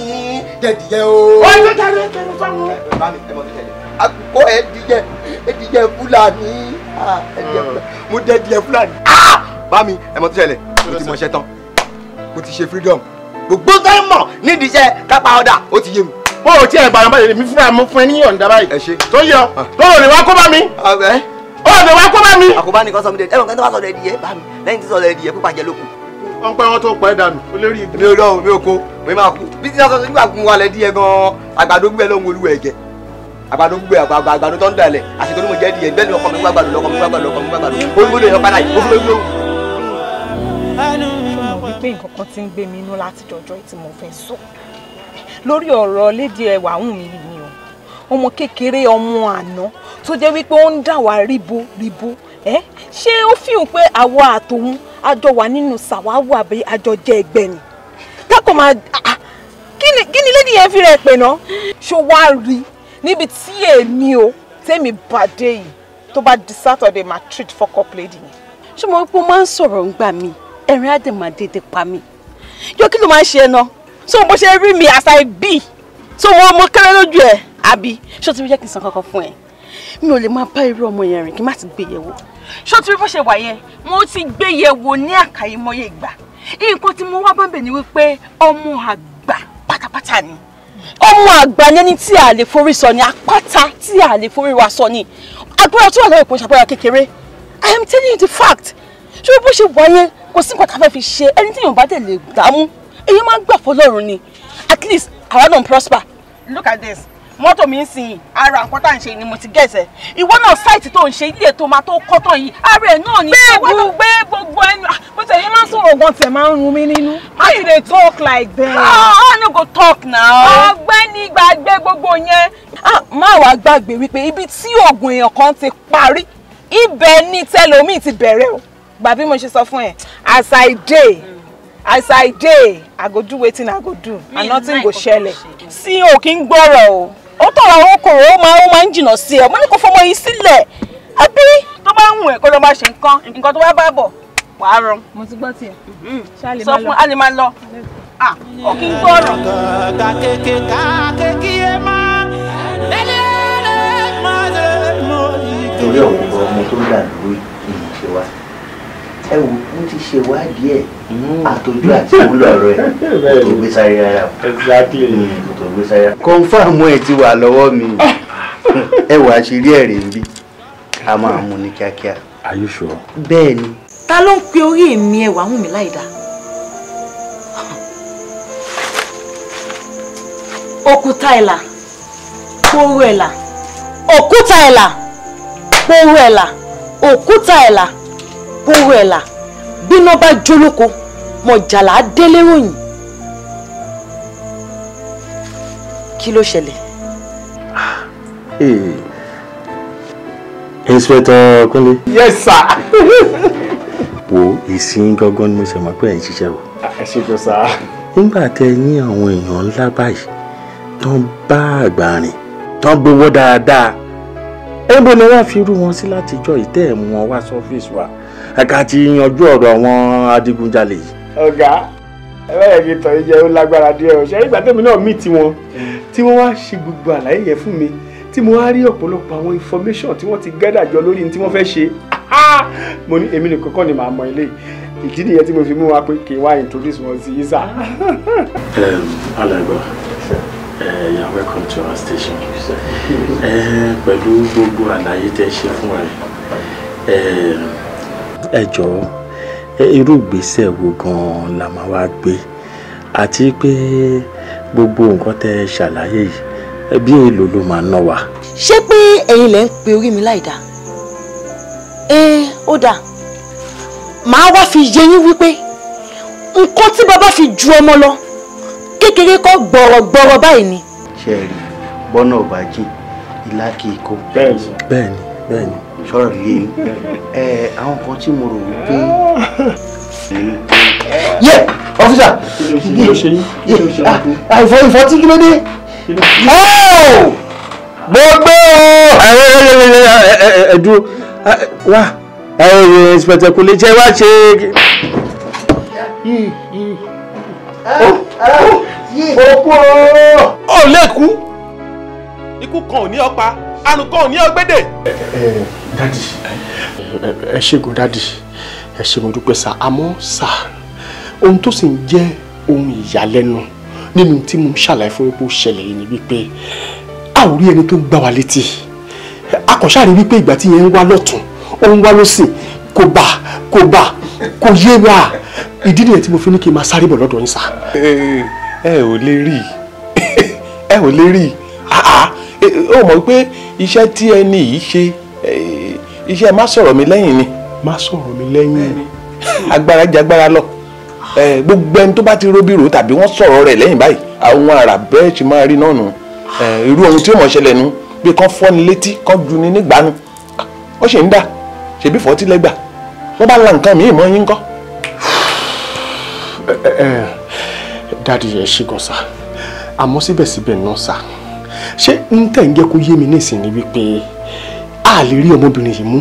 o. wọ́n ti tẹ̀lé tẹ̀lé sọ́mu. ẹ bá mi ẹ mọ̀ tẹ̀lé. àkókò ẹ dìjẹ ẹ dìjẹ fúlàní ah, ẹ dìjẹ fúlàní mo dẹ dìjẹ fúlàní. bá mi ẹ mọ̀ tẹ̀lé mo ti mọ̀ ṣẹ́ tán mo ti ṣe freedom gbogbo tó ń mọ̀ nídìí iṣẹ́ kápá ọ̀dà ó ti yé mi bó o tiẹ̀ bàrà báyìí mi fúnra mo fún ẹ ní ọ̀ǹda báyìí. ẹ ṣe. tó yẹ ọ lọ́rọ̀ ni wàá kó bá mi ó lè wá kó bá mi. àkóbá nìkan sọ mi dẹ̀dí ẹ̀rọ kan tó wá sọ dẹ̀dí yẹ bá mi lẹ́yìn tí sọ dẹ̀dí yẹ pípa jẹ lókun. wọ́n pẹ́ wọn tó pa ẹ́ dànù olórí ibi. mi ò lọ mi ò kó mi máa kú bí sísá sọ nígbà gun alẹ́ díẹ̀ gan-an àgbàdo gbẹ ló ń wolú ẹ̀ jẹ àgbàdo gbẹ àgbàdo tó ń dalẹ̀ àsìkò ní mo jẹ́ díẹ̀ bẹ́ẹ̀ ni ọkọ mi gbàgbàdo lọkọ mi gbàgbàdo lọkọ mi gbàgbàdo olúgbòdò yẹn padà yìí ó fún mi pé nǹkan kan ti ń gbé mi inú láti dọjọ́ tí mo fẹ́ sọ lórí mi ọmọ kékeré ọmọ àná tó jẹ́ wípé ó ń dà wá ríbo ríbo ẹ́ ṣé ó fihàn pé àwa àtòun àjọ wà nínú sàwáwò àbí àjọ jẹ́ ẹgbẹ́ ni kákò máa ah, ah, kí ni lady yẹn fi rẹ̀ pè náà ṣó wá rí níbi tí èmi o tèmi bàdé yìí tó bá di Saturday máa treat for up lady yẹn. ṣé mo rí pé ó máa ń sọ̀rọ̀ ń gbà mí ẹ̀rín àdèmàdèdè pa mí yóò kí ló máa ń ṣe ẹ náà so bó ṣe rí mi as I be so wọn mo kéré lójú ẹ àbí ṣó ti rí jẹ́ kí san kankan fún ẹ mi ò lè máa bá irú ọmọ yẹn rìn kí n má ti gbé yẹ̀wò ṣó ti rí bó ṣe wà yẹn mo ti gbé yẹ̀wò ní àkàyèmọye ìgbà nǹkan tí mo wá bá ń bẹ̀ ni wípé ọmọ àgbà pátápátá ni ọmọ àgbà ni ẹni tí a lè forí sọ ni apáta tí a lè forí wa sọ ni agbára tó wà lọ́wọ́ ìpín ìṣàpáyà kékeré i am telling you the fact ṣé bó ṣe wà yẹn kò sí nǹkan tá a fẹ́ fi ṣe ẹni tí èèyàn dẹ̀ lè dààmú èèyàn máa ń gbà fọlọ́run ni at least àwa náà prosper look at this mọ́tò mi ń sìn ara nǹkan tá à ń ṣe ni mo ti gẹ̀ẹ́sẹ̀ ìwọ náà sáìtì tó ń ṣe ilé tó máa tó kọ́tọ̀ yìí ara ẹ̀ náà ni ìwọ náà gbé gbogbo ẹnu ah, bó ṣe yẹn máa ń sọ̀rọ̀ gan tẹ̀ máa ń run mí nínú how you dey talk like that. Ah, ah I no go talk now. ọ̀gbẹ́ni gbàgbé gbogbo yẹn. Ah, má wàá gbàgbé wípé ibi tí oògùn èèyàn kan ti parí ibẹ̀ ni tẹlomi ti bẹ̀rẹ̀ o gbà bí mo ṣe sọ fún ẹ as i dey. Mm. as i dey i go do wetin i go do and nothing go ṣẹlẹ̀. o o tọrọ àwọn okòrò ma máa ma máa ń jìnnà sí mo fọmọ yìí sílẹ̀ àbí. tó bá ń wù ẹ́ kó lọ máa ṣe rọ. mo ti gbọ́ tiẹ̀. Mm-hmm. sọ lọ. ẹ wò mo ti ṣe ìwádìí ẹ mm-hmm. àtọjú àti ìwúlò ọ̀rọ̀ ẹ kò tó gbé sáré rárá mm, kò tó gbé sáré rárá. kọ́ńfàmù ẹ̀ ti wà lọ́wọ́ mi ah. ẹ wà á ṣe rí ẹ̀rẹ̀ bí a máa mú ní kíákíá. Are you sure? bẹ́ẹ̀ ni. ta ló ń pe orí èmi ẹwà mú mi láì dá. òkúta ẹ̀là kóró ẹ̀là òkúta ẹ̀là kóró ẹ̀là òkúta ẹ̀là bówó ẹ̀ là bíná bá jólóko mọ̀jàlá délé ròyìn kí ló ṣẹlẹ̀. Eh. inspector Kúnlé. yes sir. wo ìsìn gangan ni mo ṣe mọ̀ pé ẹ̀ ń ṣiṣẹ́ o. ẹ ṣe jọ sá. nígbà tẹ ní àwọn èèyàn ńlá báyìí tán bá àgbà rìn tán gbowó dáadáa ẹ ń bọ́ ni wọ́n fi rú wọn sí látijọ́ ìtẹ́ ẹ̀ mú wọn wá sọ́fíìsì wa ẹ̀ka ti yanjú ọ̀rọ̀ àwọn adigunjalè yìí. ọ̀gá ẹ bá yẹ kí tọ́ yìí ó lágbára díẹ̀ o ìgbà tẹ́mi náà mí tiwọn tí wọ́n wá ṣe gbogbo àlàyé yẹn fún mi tí mo wá rí ọ̀pọ̀lọpọ̀ àwọn information tí wọ́n ti gẹ́dà jọ lórí ní tí wọ́n fẹ́ ṣe mo ní èmi nìkan kọ́ ni màá mọ ilé ìdí nìyẹn tí mo fi mú wa pé kí n wá introduce wọn sí yín sá. you are welcome to our station pẹ̀lú gbogbo àlàyé tẹ́ ṣe fún wa ẹ jọ̀ọ́ irú ìgbésẹ̀ wo gan-an la máa wá gbé àti pé gbogbo nǹkan tẹ ṣàlàyé yìí bí èèlò ló máa ná wa. ṣé pé ẹ̀yin lẹ ń pe orí mi láì dá ẹ ó dáa màá wá fi yé yín wípé nǹkan tí bàbá fi ju ọmọ lọ kékeré kọ́ gbọ̀rọ̀gbọ̀rọ̀ báyìí ni. ṣe é rí bọ́nà ọ̀bàjì ìlà kìí kó. bẹ́ẹ̀ni bẹ́ẹ̀ni bẹ́ẹ̀ni sọ̀rọ̀ yìí ẹ àwọn kan tí mo rò wípé. yẹ ọfíìsà àìfọ ìfọ tí kí ló dé. gbogbo ẹdùn ah, wá inspector kò lè jẹ́ wá ṣe. ó lè kú ikú kan ò ní ọ pa àrùn kan ò ní ọgbẹ́dẹ̀. ẹ ẹ dadi ẹ ṣègùn dúpẹ́ sá àmọ́ sá ohun tó sì ń jẹ́ ohun ìyàlẹ́nu nínú tí mo ṣàlàyé fún epo ṣẹlẹ̀ yìí ni wípé a ò rí ẹni tó ń gbá wa létí a kàn ṣáà rí wípé ìgbà tí yẹn ń wá lọ́tún ó ń wá lọ́sìn kò bá kò bá kò yé wa ìdí nìyẹn tí mo fi ní kí n máa sáré bọ̀ lọ́dọ̀ yín sá. ẹ ò lè rí ẹ ò lè rí ó mọ̀ pé iṣẹ́ tí ẹni yìí ṣe eh, iṣẹ́ má sọ̀rọ̀ mi lẹ́yìn ni. má sọ̀rọ̀ mi lẹ́yìn ni. agbára jagbára lọ eh, gbogbo ẹni tó bá ti ro bírò tàbí wọ́n sọ̀rọ̀ rẹ̀ lẹ́yìn báyìí àwọn àrà bẹ́ẹ̀ ṣe máa rí náà nù eh, irú ohun tí ó mọ̀ ṣẹlẹ̀ nu bí kan fọ́ ni létí kan ju ni nígbàánu ó ṣe ń dà ṣèbí fọ́ tí lẹ́gbà wọ́n bá la nǹkan míì mọ́ yín kọ́. dádì ẹ ṣe gan sa àmọ́ síbẹ̀síbẹ̀ náà sáà ṣé n tẹ̀ ń jẹ́ kó yé mi nísìnyí wípé a lè rí ọmọbìnrin yìí mú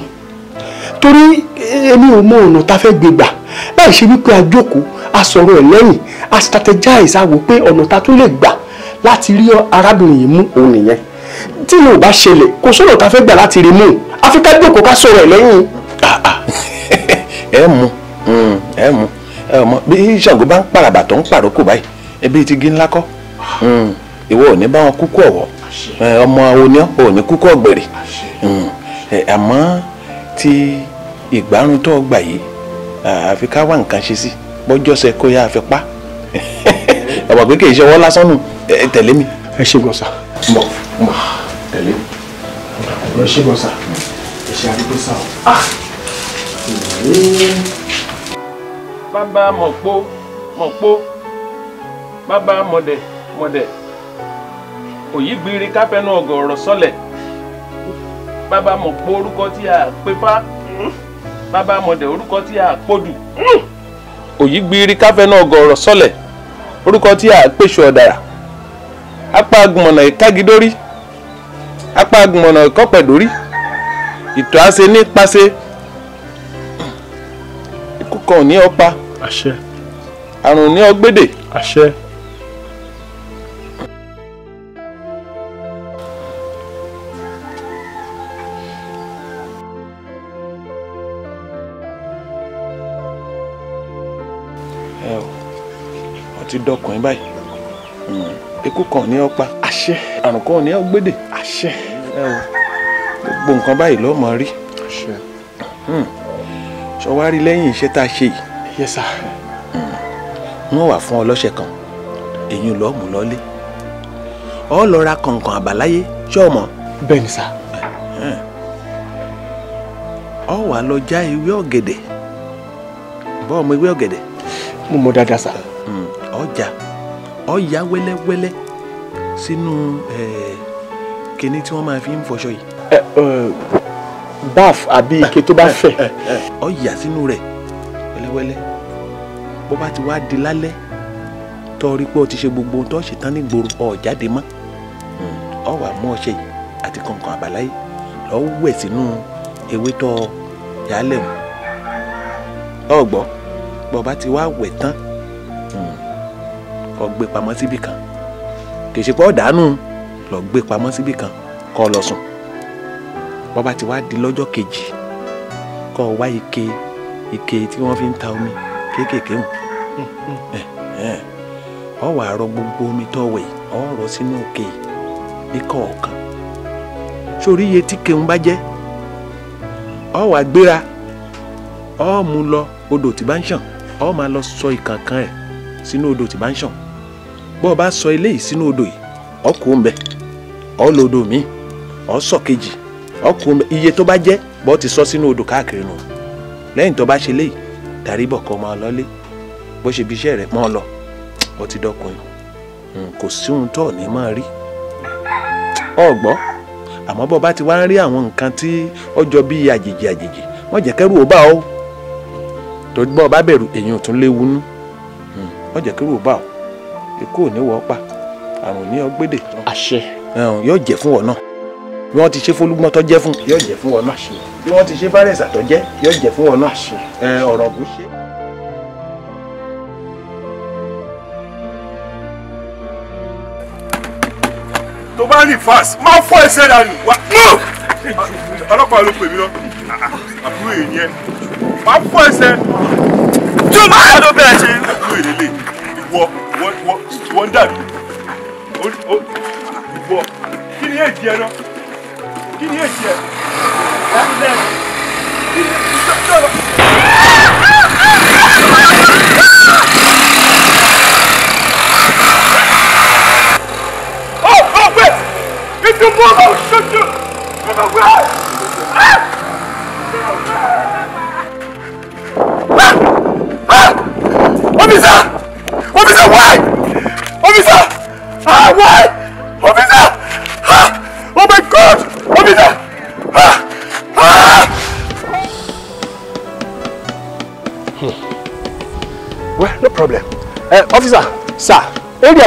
torí eh, èmi ò mọ ọ̀nà tá a fẹ́ gbé gbà láì ṣe wípé a jókòó a sọ̀rọ̀ ẹ̀ lẹ́yìn a strategize a wò pé ọ̀nà tá a tún lè gbà láti rí arábìnrin yìí mú òun nìyẹn tí yóò bá ṣẹlẹ̀ kò sọ̀rọ̀ tá a fẹ́ gbà láti rí mú àfi ká jókòó ká sọ̀rọ̀ ẹ̀ lẹ́yìn. Ah, ah. Mm, ẹ mú ẹ mú ẹ mọ bí Ṣàngó bá ń pàràbà tó ń pàrókò báyìí ẹbí ti gí ńlá kọ́. Ah. Mm ìwọ ò ní bá wọn kúkú ọ̀wọ́ ọmọ oníọ́ ò ní kúkú ọ̀gbẹ̀rẹ̀ hmm. àmọ́ tí ìgbárun tó gbà yìí àfi ká wá nǹkan ṣe sí bọ́jọ́sẹ̀ kó yá àfi pa ọ̀pọ̀ pé kì í ṣe ọwọ́ lásán nù tẹ̀lé mi. ẹ ṣe gbọ́n sá. mọ mọ tẹ̀lé. ẹ ṣe gbọ́n sá ẹ ṣe àdúgbò sá o. Ah! bàbá mọ̀pó mọ̀pó bàbá mọ̀dẹ̀ mọ̀dẹ̀ òyí gbiri káfẹ́nu ọ̀gọ̀ọ̀rọ̀ sọlẹ̀ bàbá mọ̀ pé orúkọ tí a pè fá bàbá mọ̀dẹ̀ orúkọ tí a pòdù òyí gbiri káfẹ́nu ọ̀gọ̀ọ̀rọ̀ sọlẹ̀ orúkọ tí a pèsè ọ̀dàrà apá agùnmọ̀nà ìkágidórí apá agùnmọ̀nà ìkọ́pẹ̀dórí ìtọ́ àṣẹ ní pàṣẹ ikú kan ò ní ọpa àṣẹ àrùn ní ọgbẹ́dẹ̀ ti dọkàn yín báyìí hmm. ikú kan ní ọpa àṣẹ àrùn kan ní ọgbẹ́dẹ̀ àṣẹ gbogbo nǹkan báyìí lọ́mọ rí ṣọwárí hmm. lẹ́yìn iṣẹ́ tá a ṣe yìí yes sir hmm. wọ́n wà fún ọlọ́ṣẹ̀ kan èyí lọ́ọ́ mú lọ́lé ọ lọ ra kọ̀ǹkọ̀ǹ àbáláyé ṣọ́ọ̀mọ́. bẹ́ẹ̀ ni sá. ọ wà lọ já ewé ọ̀gẹ̀dẹ̀ bọ́ọ̀ mọ ewé ọ̀gẹ̀dẹ̀. mo mọ dáadáa sá ọjà ọ̀yà wẹ́lẹ́wẹ́lẹ́ sínú kinní tí wọ́n máa fi ń fọṣọ yìí. baf àbí ike tó bá fẹ̀. ọ̀yà sínú rẹ̀ wẹ́lẹ́wẹ́lẹ́ bó bá ti wá di lálẹ́ tọ́ rí pé o ti ṣe gbogbo ohun tó ṣe tán ní gbòòrò ọ̀ jáde mọ́ ọ wà mú ọṣẹ yìí àti kọ̀ǹkọ̀ǹ àbáláyé lọ́ọ́ wẹ̀ sínú ewé tọ́ yálẹ̀ mu ọ̀gbọ́ bó bá ti wá wẹ̀ tán kọ́ gbé pamọ́ síbì kan kì í ṣe pé ọ̀dánù lọ gbé pamọ́ síbì kan kọ́ lọ sùn bọ́ba ti wá di lọ́jọ́ kejì kọ́ wá ike ike tí wọ́n fi ń ta omi kéékèèké hùn ọ wà rọ gbogbo omi tó wẹ̀ ọ rọ sínú òkè ní kọ̀ọ̀kan sórí iye tí kéwọn bá jẹ́ ọ wà gbéra ọ mú lọ odò tí bá ń ṣàn ọ máa lọ sọ ìkànkan ẹ̀ sínú odò tí bá ń ṣàn. bọ́ bá sọ eléyìí sínú odò yìí ọkùn ń bẹ ọ odò mi ọ sọ kejì ọkùn iye tó bá jẹ́ ti sọ sínú odò káàkiri nù lẹ́yìn tó bá ṣe léyìí darí bọ̀ kọ́ máa bó ṣe bí ní máa rí bọ́ bá ti èyí ò tún léwu ikú ò ní wọ́ pa àrùn ní ọgbẹ́dẹ̀. àṣẹ. yóò jẹ́ fún ọ náà bí wọ́n ti ṣe fólúgbọ́n tó fún yóò jẹ́ fún ọ náà. bí wọ́n ti ṣe fárẹ̀sà tó yóò jẹ́ fún ọ náà. ọ̀rọ̀ kò ṣe. tó bá rìn fast máa fọ́ ẹsẹ̀ dànù wá. ọlọ́pàá ló pè mí lọ àbúrò èyí ẹ máa fọ́ ẹsẹ̀. tó bá yàtọ̀ bẹ́ẹ̀ ṣe. àbúrò èlé lè wọ wọ wọ wọ ń dàbí wọ kí ni èjì ẹ náà kí ni èjì ẹ ẹ kí ni èjì ẹ náà.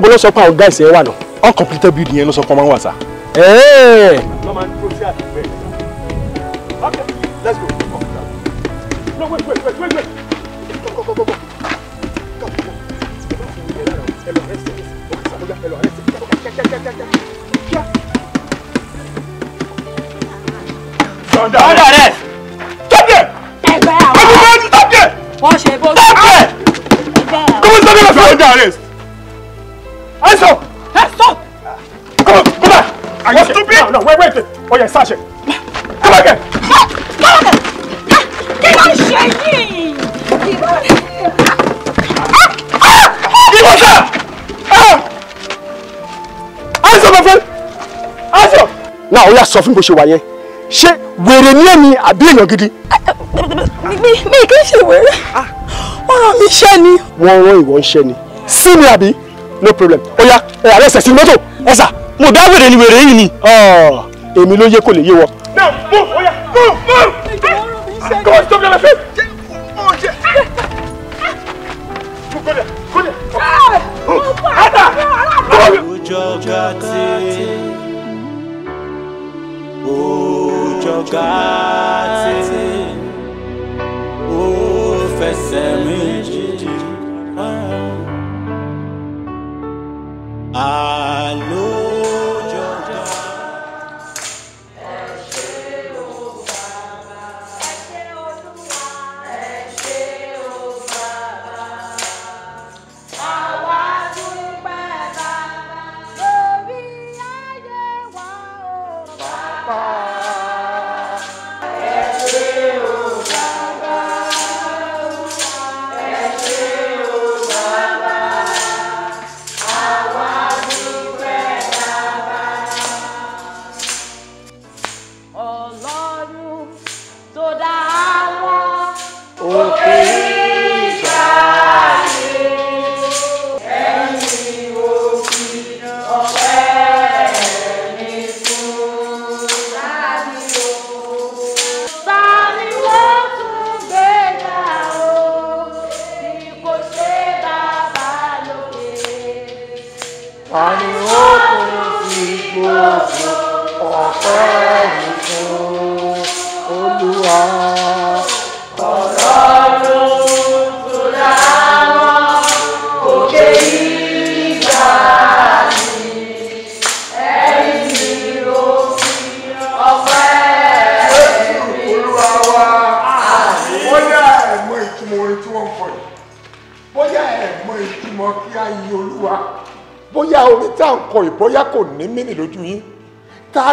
bọ́lọ́sọpá ọ̀gá ìṣẹ́ wà náà all completed building yẹn ló sọ pé wọ́n máa wà sá. ó yá sọ fún bó ṣe wà yẹn ṣé wèrè ní èmi àbí èèyàn gidi. mi kì í ṣe wèrè wọ́n ah. rán mi iṣẹ́ ni. wọ́n rán ìwọ iṣẹ́ ni sí mi àbí no problem ó yá ẹ àrẹ ẹsẹ̀ sí mọ́tò ẹ̀sà mo dá wèrè ni wèrè yìí ni. èmi ló yẹ kó lè yé wọ. náà mú ó yá.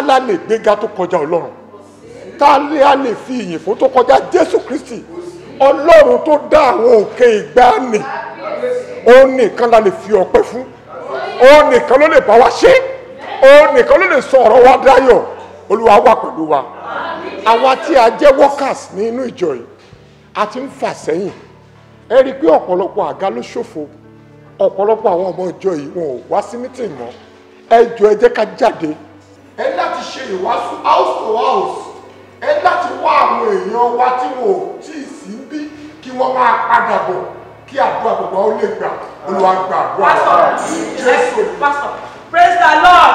ta la lè gbéga tó kọjá ọlọ́run ta la lè fi ìyìn fún tó kọjá jésù kristi ọlọ́run tó dá àwọn òkè ìgbàanì òun nìkan la lè fi ọpẹ́ fún òun nìkan ló lè bá wa ṣe òun nìkan ló lè sọ ọ̀rọ̀ wa dáyọ̀ olúwa wà pẹ̀lú wa àwa tí a jẹ́ workers ní inú ìjọ yìí a ti ń fà sẹ́yìn ẹ rí i pé ọ̀pọ̀lọpọ̀ àga ló ṣòfò ọ̀pọ̀lọpọ̀ àwọn ọmọ ìjọ yìí wọn ò wá sí mítìn mọ́ ẹ jọ ẹ jẹ́ ká jáde tètè house to house ẹ láti wá àwọn èèyàn wa tí wọn ò tí ì sí ń bí kí wọ́n máa padà bọ̀ kí àdúrà bàbá ó lè gbà olúwa gbà àdúrà bàbá jésù. praise the lord.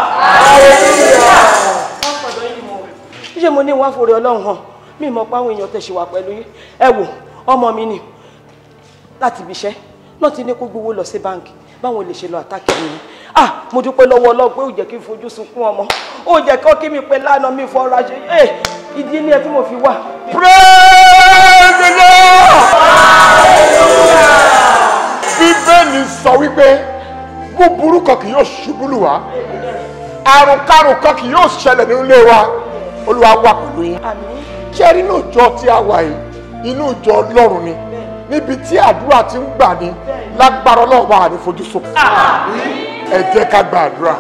ṣé mo ní wọ́n forí ọlọ́run hàn mi mọ̀ pé àwọn èèyàn tẹ̀sí wa pẹ̀lú yín ẹ wò ọmọ mi ni láti ibi iṣẹ́ náà ti ní kó gbowó lọ sí báńkì báwọn lè ṣe lọ àtàkì nìyẹn ah mo dúpẹ́ lọ́wọ́ Ọlọ́run pé ó jẹ́ kí n fojú sunkún ọmọ ó jẹ́ kí kí mi pé lánàá mi fọra ṣe ẹ eh, ìdí ni ẹ tí mo fi wà. praise the lord. bíbélì sọ wípé búburú kan kì yóò ṣubú lù wá àrùnkárùn kan kì yóò ṣẹlẹ̀ nínú ilé wa olúwa wà pẹ̀lú yín. kẹ́rí inú ìjọ tí a wà yìí inú ìjọ ọlọ́run ni níbi tí àdúrà ti ń gbà ní lágbára ọlọ́run wà ní ẹ jẹ́ ká gbàdúrà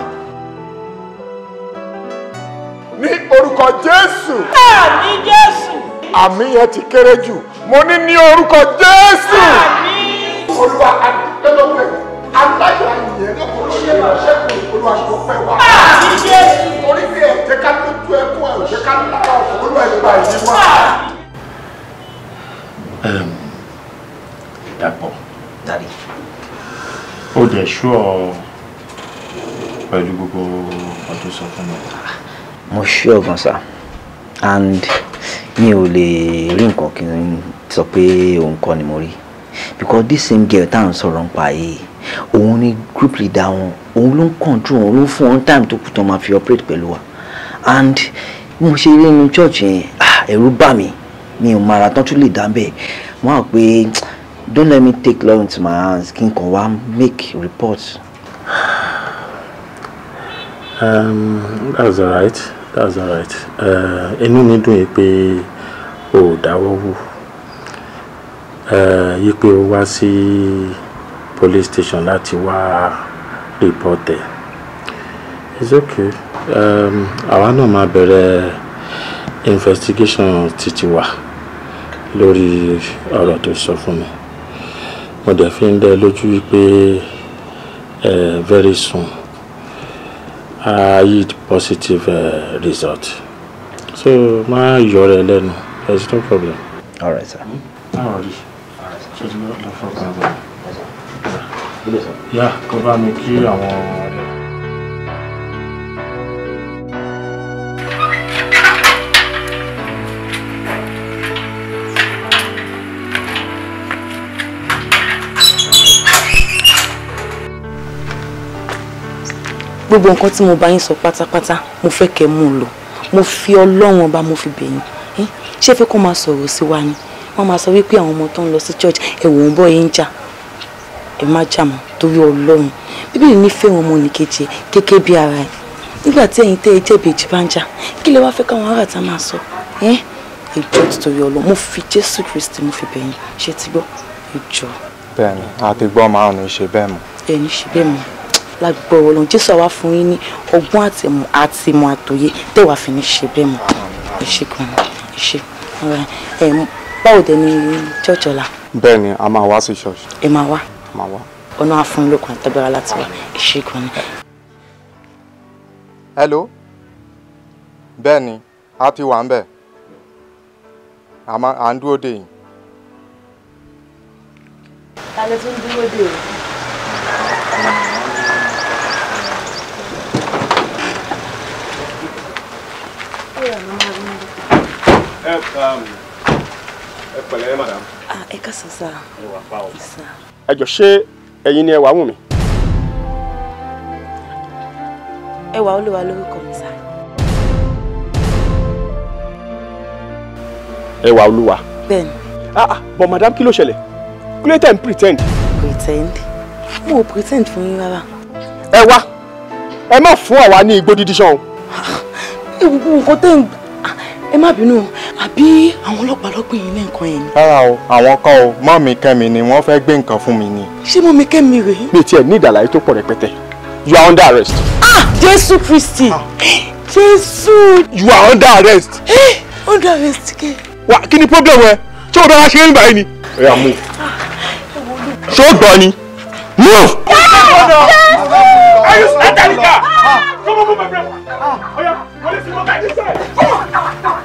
ní orúkọ jésù. àmín jésù. àmín yẹn ti kéré jù mo ní ní orúkọ jésù. àmín. olúwa àdìgbẹ́lọ́pẹ̀ aláyọ̀ ayẹyẹ olóyè ìránṣẹ́kùn olúwa ṣùgbọ́n pẹ̀ wá. àmín jésù. torí pé ẹ jẹ́ ká lójú ẹkún ẹ̀ jẹ́ ká lára ọ̀fọ̀ olúwa ìgbà yìí wá. dàpọ̀ dàdí ó dẹ̀ ṣú ọ pẹ̀lú gbogbo nǹkan sọ fún mi. mo ṣí ọ̀gàn sá and mi ò lè rí nǹkan kí n sọ pé òun kọ́ ni mo rí because this same girl tá à ń sọ̀rọ̀ ń pa yìí òun ni group leader wọn òun ló ń control òun ló ń fún wọn time tó kù tó máa fi operate pẹ̀lú wa and mo ṣe rí inú church yẹn ah, ẹ̀rù bà mí mi ò mara tán tún lè dá bẹ́ẹ̀ wọ́n á pé don't let me take law into my hands kí n kàn wá make report Um, that's alright that's alright uh, inú mi dùn yìí pé o ò dáwọ́ wò uh, yìí pé o wá sí police station láti wá report ẹ̀ it's okay um, àwa náà máa bẹ̀rẹ̀ investigation títí wa lórí ọ̀rọ̀ tó sọ fún mi mo dẹ̀ fi ń dẹ́ lójú wípé uh, very soon uh, yield positive uh, result so má yọ rẹ lẹ́nu there is no problem. all right sir. báwo rí ṣe ti lọ fọkàn bọ̀. yá kó bá mi kí àwọn. gbogbo nǹkan tí mo bá yín sọ pátápátá mo fẹ́ kẹ́ mú un lò mo fi ọlọ́run ọba mo fi bẹ̀ yín ṣé fẹ́ kó máa sọ̀rọ̀ sí wa ni wọ́n máa sọ wípé àwọn ọmọ tó ń lọ sí church ẹ̀wọ̀n bọ́ yín jà ẹ má jà mọ́ torí ọlọ́run bíbélì nífẹ̀ẹ́ wọn ọmọnìkejì ẹ̀ kéké bí ara ẹ̀ nígbà tí ẹ̀yin tẹ́ ẹ jẹ̀bi ìjì bá ń jà kí lẹ wá fẹ́ káwọn ará ta máa sọ ẹ ìjọ torí ọlọ́run mo fi jésù kristi mo fi bẹ̀ yín ṣe ti gbọ́ ìjọ. bẹ́ẹ̀ni àti gbọ́ máa ń ṣe bẹ́ẹ̀ mọ́. ẹ ní ṣe bẹ́ẹ̀ mọ́ lágbègbè ọlọ́run jésù àwa fún yín ní ọgbọ́n àtìmọ̀ àtìmọ̀ àtòyé tẹ́wàá fi ní ṣe bẹ́ẹ̀ mọ́ ẹ ṣe gan ẹ ṣe báwo dẹ̀ ni church ọ̀la. bẹ́ẹ̀ ni a máa wá sí church. ẹ máa wá. máa wá. ọ̀nà àfúnilókun àtàgbára láti wá ẹ ṣe gan ni. hello bẹ́ẹ̀ ni a ti wà ń bẹ̀ à ń dúró dè yín. ta ló tún dúró dè o. ẹ pẹ̀lẹ́ madam. Ah, ẹ káàsán sá. ẹ wà pa ọ. ẹ jọ ṣé ẹ̀yin ni ẹ wà wùn mí. ẹ wà olúwa lórúkọ mi sá. ẹ wà olúwa. bẹ́ẹ̀ni. ah ah but madam kí ló ṣẹlẹ̀ kí ló tẹ̀ ń pretend. pretend mo ò pretend fún yín rárá. ẹ wá ẹ má fún àwa ní igbó dídí ṣan o. ìwúkọ ah, tẹ̀ ń gbà ẹ má bínú àbí àwọn ọlọ́pàá lọ́gbìn yín lẹ́ǹkan yẹn ni. rárá o àwọn kan o mọ́ mi kẹ́mi ni wọ́n fẹ́ gbé nǹkan fún mi ni. ṣé mọ́ mi kẹ́mi rèé. mi tiẹ̀ ní ìdàlàyé tó pọ̀ rẹpẹtẹ you are under arrest. ah jésù kristi ah. jésù. you are under arrest. ẹ under arrest kẹ. wa kí ni problem ẹ ṣé o dára ṣe é nígbà yìí ni. ẹ yà mú. ṣé o gbọ́ ni. move. Are you standing ah, Come on, move my friend. Oh yeah, what is it? What is it?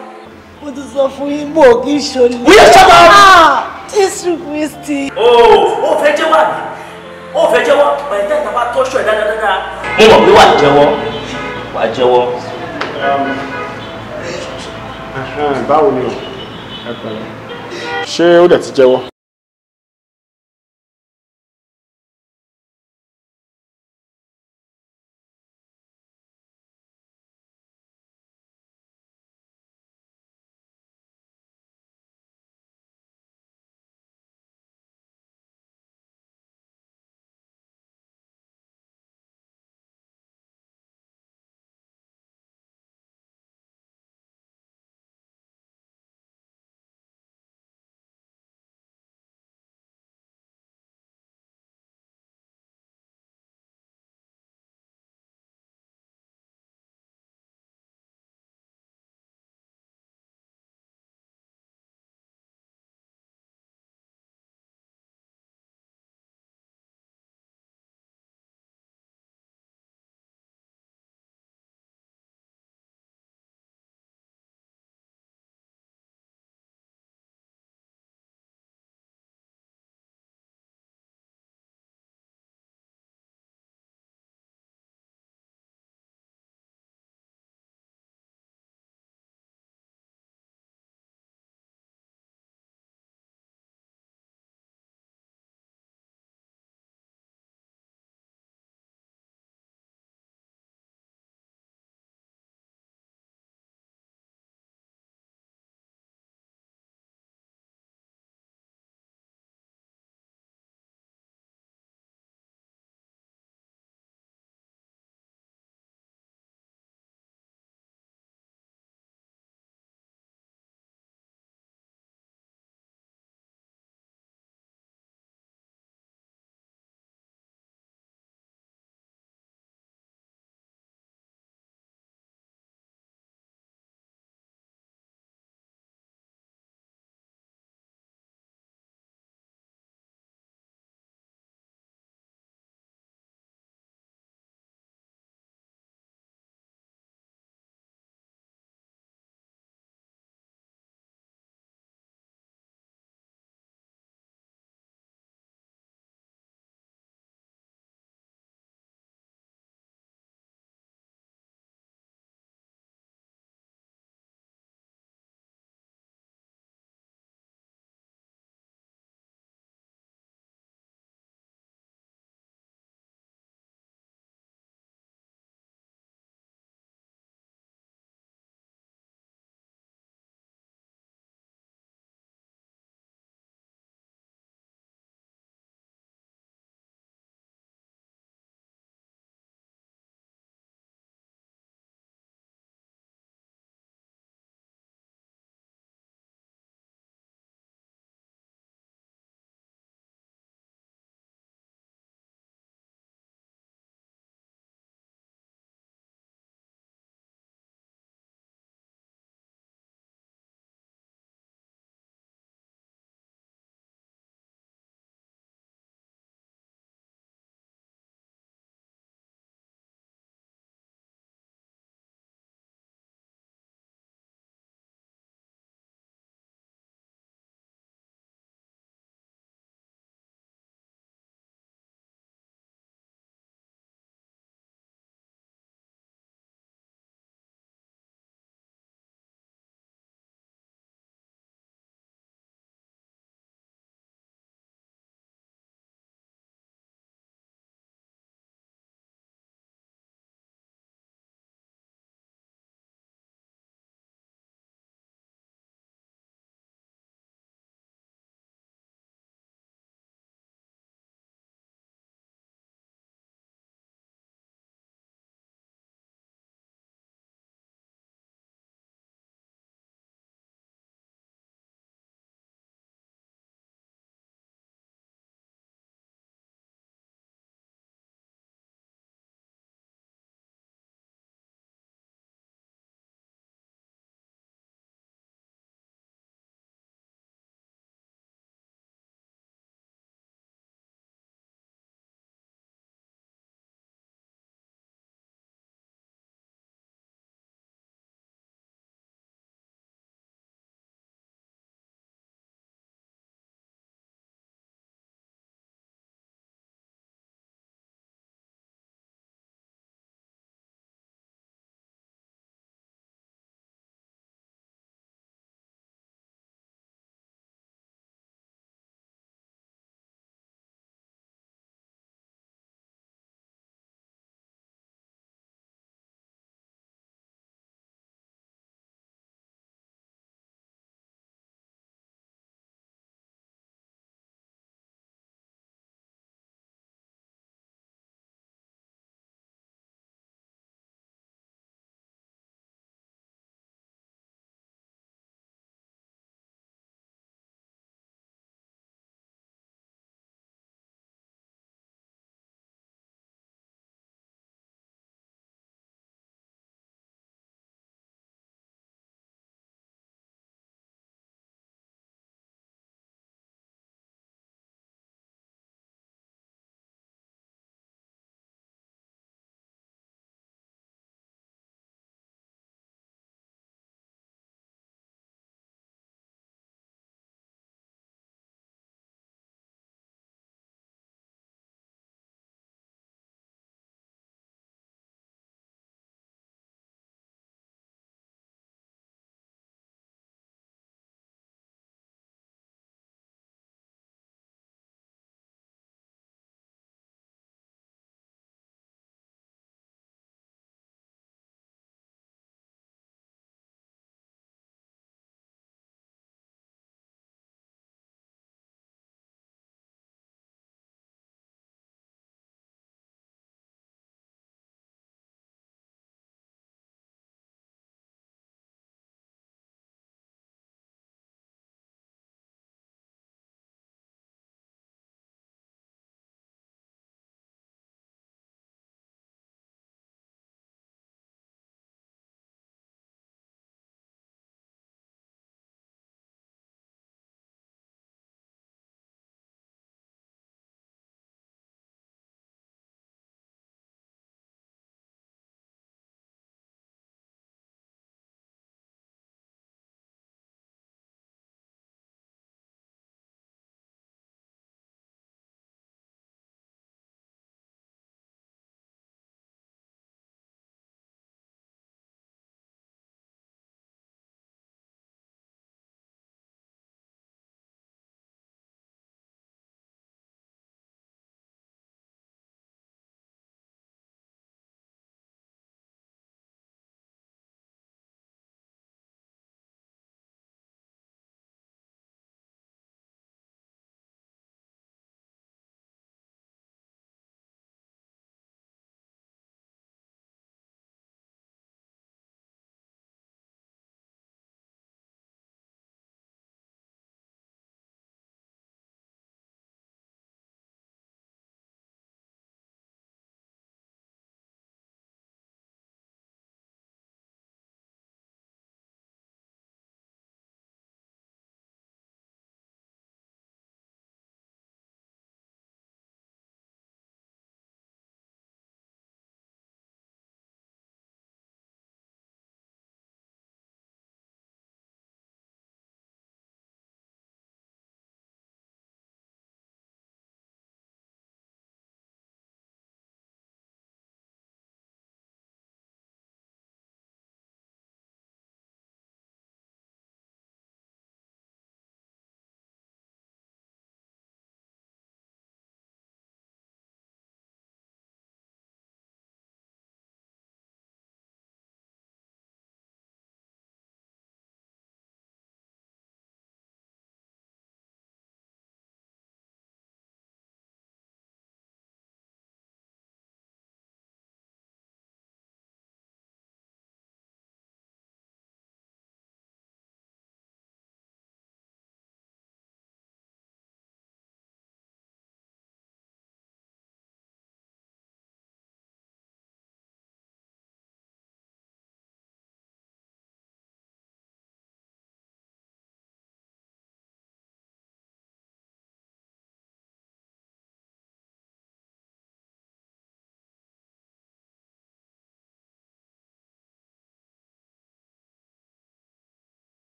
mo ti sọ fún yín mo kì í ṣolè. wíyà sábà. jésù kristi. o ò fẹ́ jẹ́wọ́ àbí o ò fẹ́ jẹ́wọ́ bàyẹ̀ tẹ́ ìtàbá tọ́ṣọ ẹ̀ dáadáa. mo mọ̀ pé wà á jẹ́wọ́ wà á jẹ́wọ́. Um, báwo ni o ẹ ṣé ó dẹ̀ ti jẹ́wọ́.